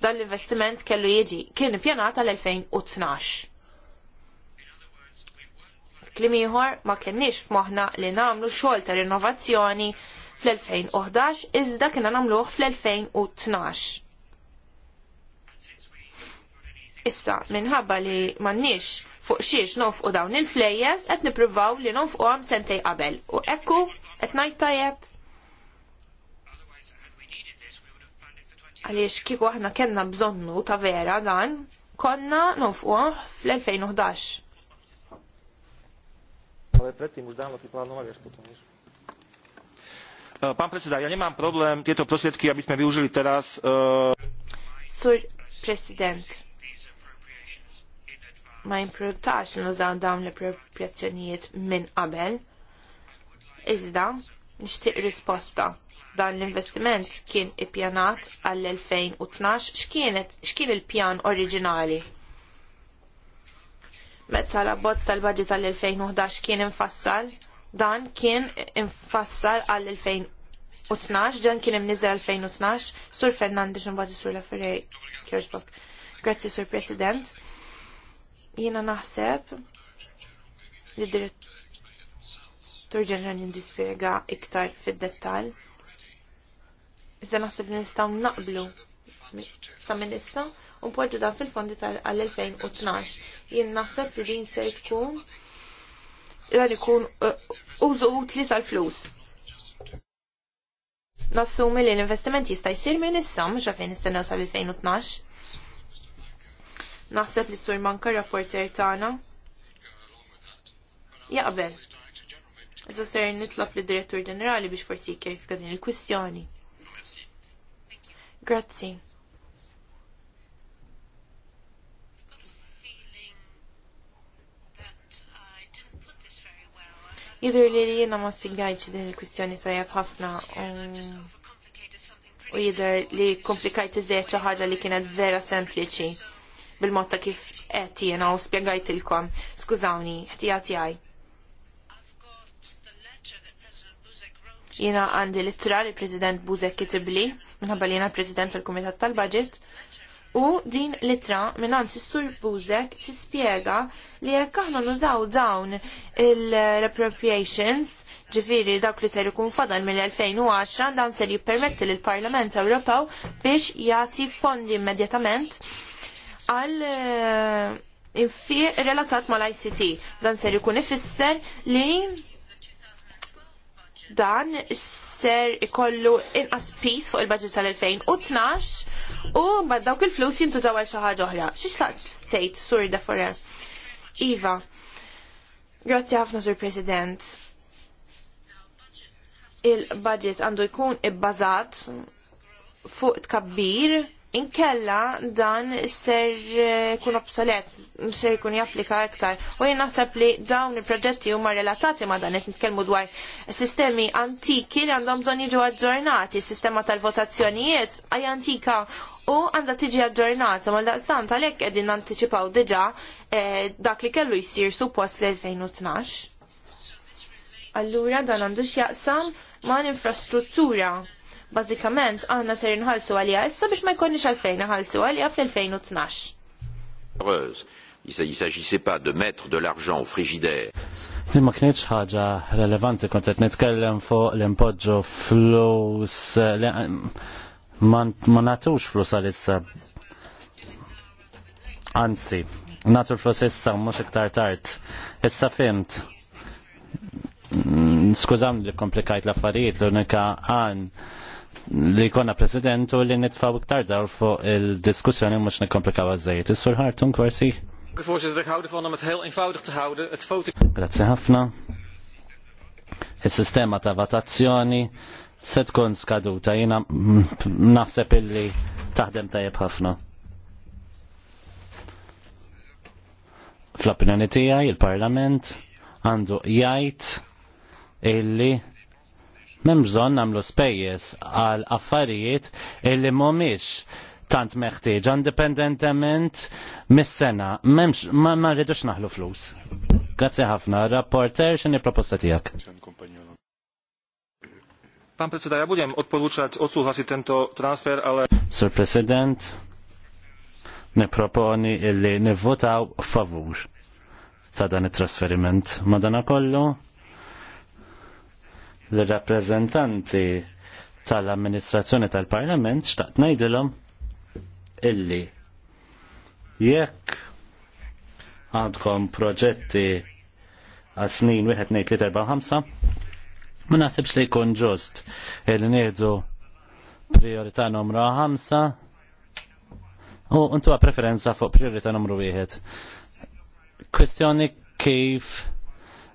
dan l-investiment kellu jiġi kien ippjanat għal 2012. Klim ieħor ma kienniex f'moħħna li nagħmlu xogħol ta' rinnovazzjoni fl-2011 iżda kien nagħmluh fl-2012. Issa, minħabba li m'għandniex fuq xiex nofqu dawn il-flejjes qed nippruvaw li nonfquhom sentej qabel u ekku qed ngħid tajjeb Għaliex kiku aħna kellna bżonnu ta' vera dan, konna nofquh fl-2011. Pan eh, predseda, ja nie mam problem tieto prosiedki, abyśmy využili teraz... Uh... Sur president, ma importax nużaw dawn le appropriazzjonijiet min qabel. Iżda, nishtiq risposta dan l-investiment kien ippjanat għall-2012, x'kien il-pjan oriġinali? Meta l-abbozz tal-budget għall 2011 kien infassal, dan kien infassal għall-2012, dan kien imniżel 2012, Sur Fernandez imbagħad Sur Laferrej Kirchbock. Grazzi Sur President. Jiena naħseb li direttur ġenrali ndispjega iktar fid-dettall Iżda naħseb li nistgħu naqblu sa minn issa u mpoġġu dan fil-fondi tal-2012. Jien naħseb li din se tkun dan ikun e, użu utli tal-flus. Nassumi li l-investiment jista' jsir minn issa mhux għalfejn nistennew sal-2012. Naħseb li sur manka rapporter tagħna jaqbel. Iżda ser nitlob li direttur ġenerali biex forsi jkerifika din il-kwistjoni. Grazzi. Jidur li li jena ma spiegajċi din il-kwistjoni tajab ħafna um, u jidur li komplikajt iżdejt xi ħaġa li kienet vera sempliċi bil-mod ta' kif qed jiena u spjegajtilkom. Skużawni, ħtijat jgħaj. Jiena għandi l-ittra li President Buzek kitibli minħabba li jena president tal-Kumitat tal-Budget, u din litra minnant s-sur Buzek t-spiega li jekk aħna nużaw dawn l-appropriations ġifiri dawk li ser ikun fadal mill-2010 dan ser jippermetti lill parlament Ewropew biex jagħti fondi immedjatament għal eh, fi relatat mal-ICT. Dan ser ikun ifisser li dan ser ikollu inqas pis fuq il-budget tal-2012 u mbagħad dawk il-flus jintużaw għal xi ħaġa oħra. X'ixtaqt tgħid sur defore? Iva. Grazzi ħafna sur President. Il-budget għandu jkun ibbażat fuq tkabbir inkella dan ser eh, kun obsolet, ser kun japplika ektar. U jien naħseb li dawn il-proġetti huma relatati ma dan qed nitkellmu dwar sistemi antiki li għandhom bżonn jiġu aġġornati, sistema tal-votazzjonijiet għaj antika u għandha tiġi aġġornata mal tal għalhekk qegħdin anticipaw diġà eh, dak li kellu jsir suppost l-2012. Allura dan għandu x'jaqsam ma' l-infrastruttura bazzikament għanna ser nħalsu għalija issa biex ma jkunniex għalfejn nħalsu għalija fl-2012. Il s'agissait pas de mettre de l'argent au frigidaire. Ma kienx ħaġa relevanti kont qed nitkellem fuq l-impoġġu flus ma nagħtux flus għalissa. Anzi, natu flus issa mhux iktar tard. Issa fimt. Mm, Skużam li komplikajt l-affarijiet l-unika għan li konna president u li nitfaw iktar dar fuq il-diskussjoni mux nikomplikaw għazzejt. Is-sur Hartun kwarsi? Voorzitter, ik hou ervan om het heel eenvoudig te houden. Het foto... Grazie ħafna. Il-sistema ta' votazzjoni se tkun skaduta. Jina naħseb illi taħdem tajjeb ħafna. Fl-opinjoni tiegħi il-Parlament għandu jgħid illi Mem bżonn nagħmlu spejjeż għal affarijiet illi mhumiex tant meħtieġ indipendentement mis-sena memx ma rridux naħlu flus. Grazzi ħafna, rapporter x'inhi proposta tiegħek. Pan President, ja budem odporučať odsúhlasiť tento transfer, ale... Sir President, proponi illi votaw favur ta' dan it-trasferiment. Madana kollu, l rappresentanti tal-amministrazzjoni tal-Parlament xtaqt najdilom illi jekk għandkom proġetti għal snin 1, 2, 3, 4, 5 ma nasibx li jkun ġust il nieħdu priorita numru 5 u ntuha preferenza fuq priorita numru 1. Kwestjoni kif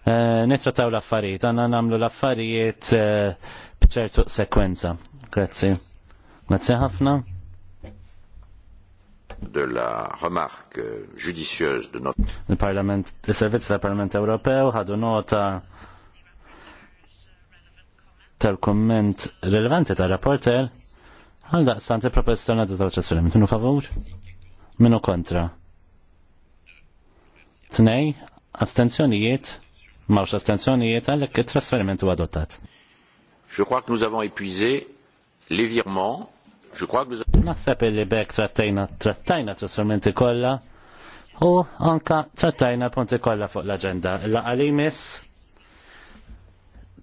Eh, nitrataw l-affarijiet, għanna namlu l-affarijiet eh, bċertu sekwenza. Grazzi. Grazzi ħafna. de la remarque judicieuse de notre... Il-Parlament, il-Servizz tal-Parlament Ewropew ħadu nota tal-komment relevante tal-rapporter Għal daqstant sante proporzjoni ta' tal-ċessur, minu favor Minu kontra? Tnej, astenzjonijiet? mawx astenzjonijiet għalhekk it-trasferiment huwa adottat. Je crois que nous avons épuisé les virements. Je crois que nous avons... Naħseb li bekk trattajna trattajna trasferimenti kollha u anka trattajna punti kollha fuq l agenda Laqali miss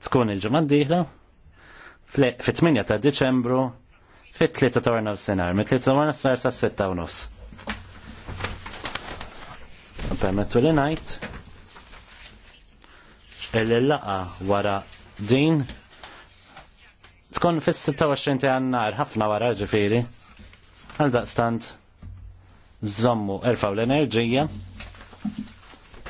tkun il-ġimgħa d-dieħla fit-8 ta' Diċembru fit-3 ta' warna f'sinar, mit-3 ta' warna f'sinar sa' 6 ta' nofs. Permettu li il-laqa wara din tkun fis-26 ta' jannar ħafna wara ġifiri Għal daqstant żommu erfaw l-enerġija.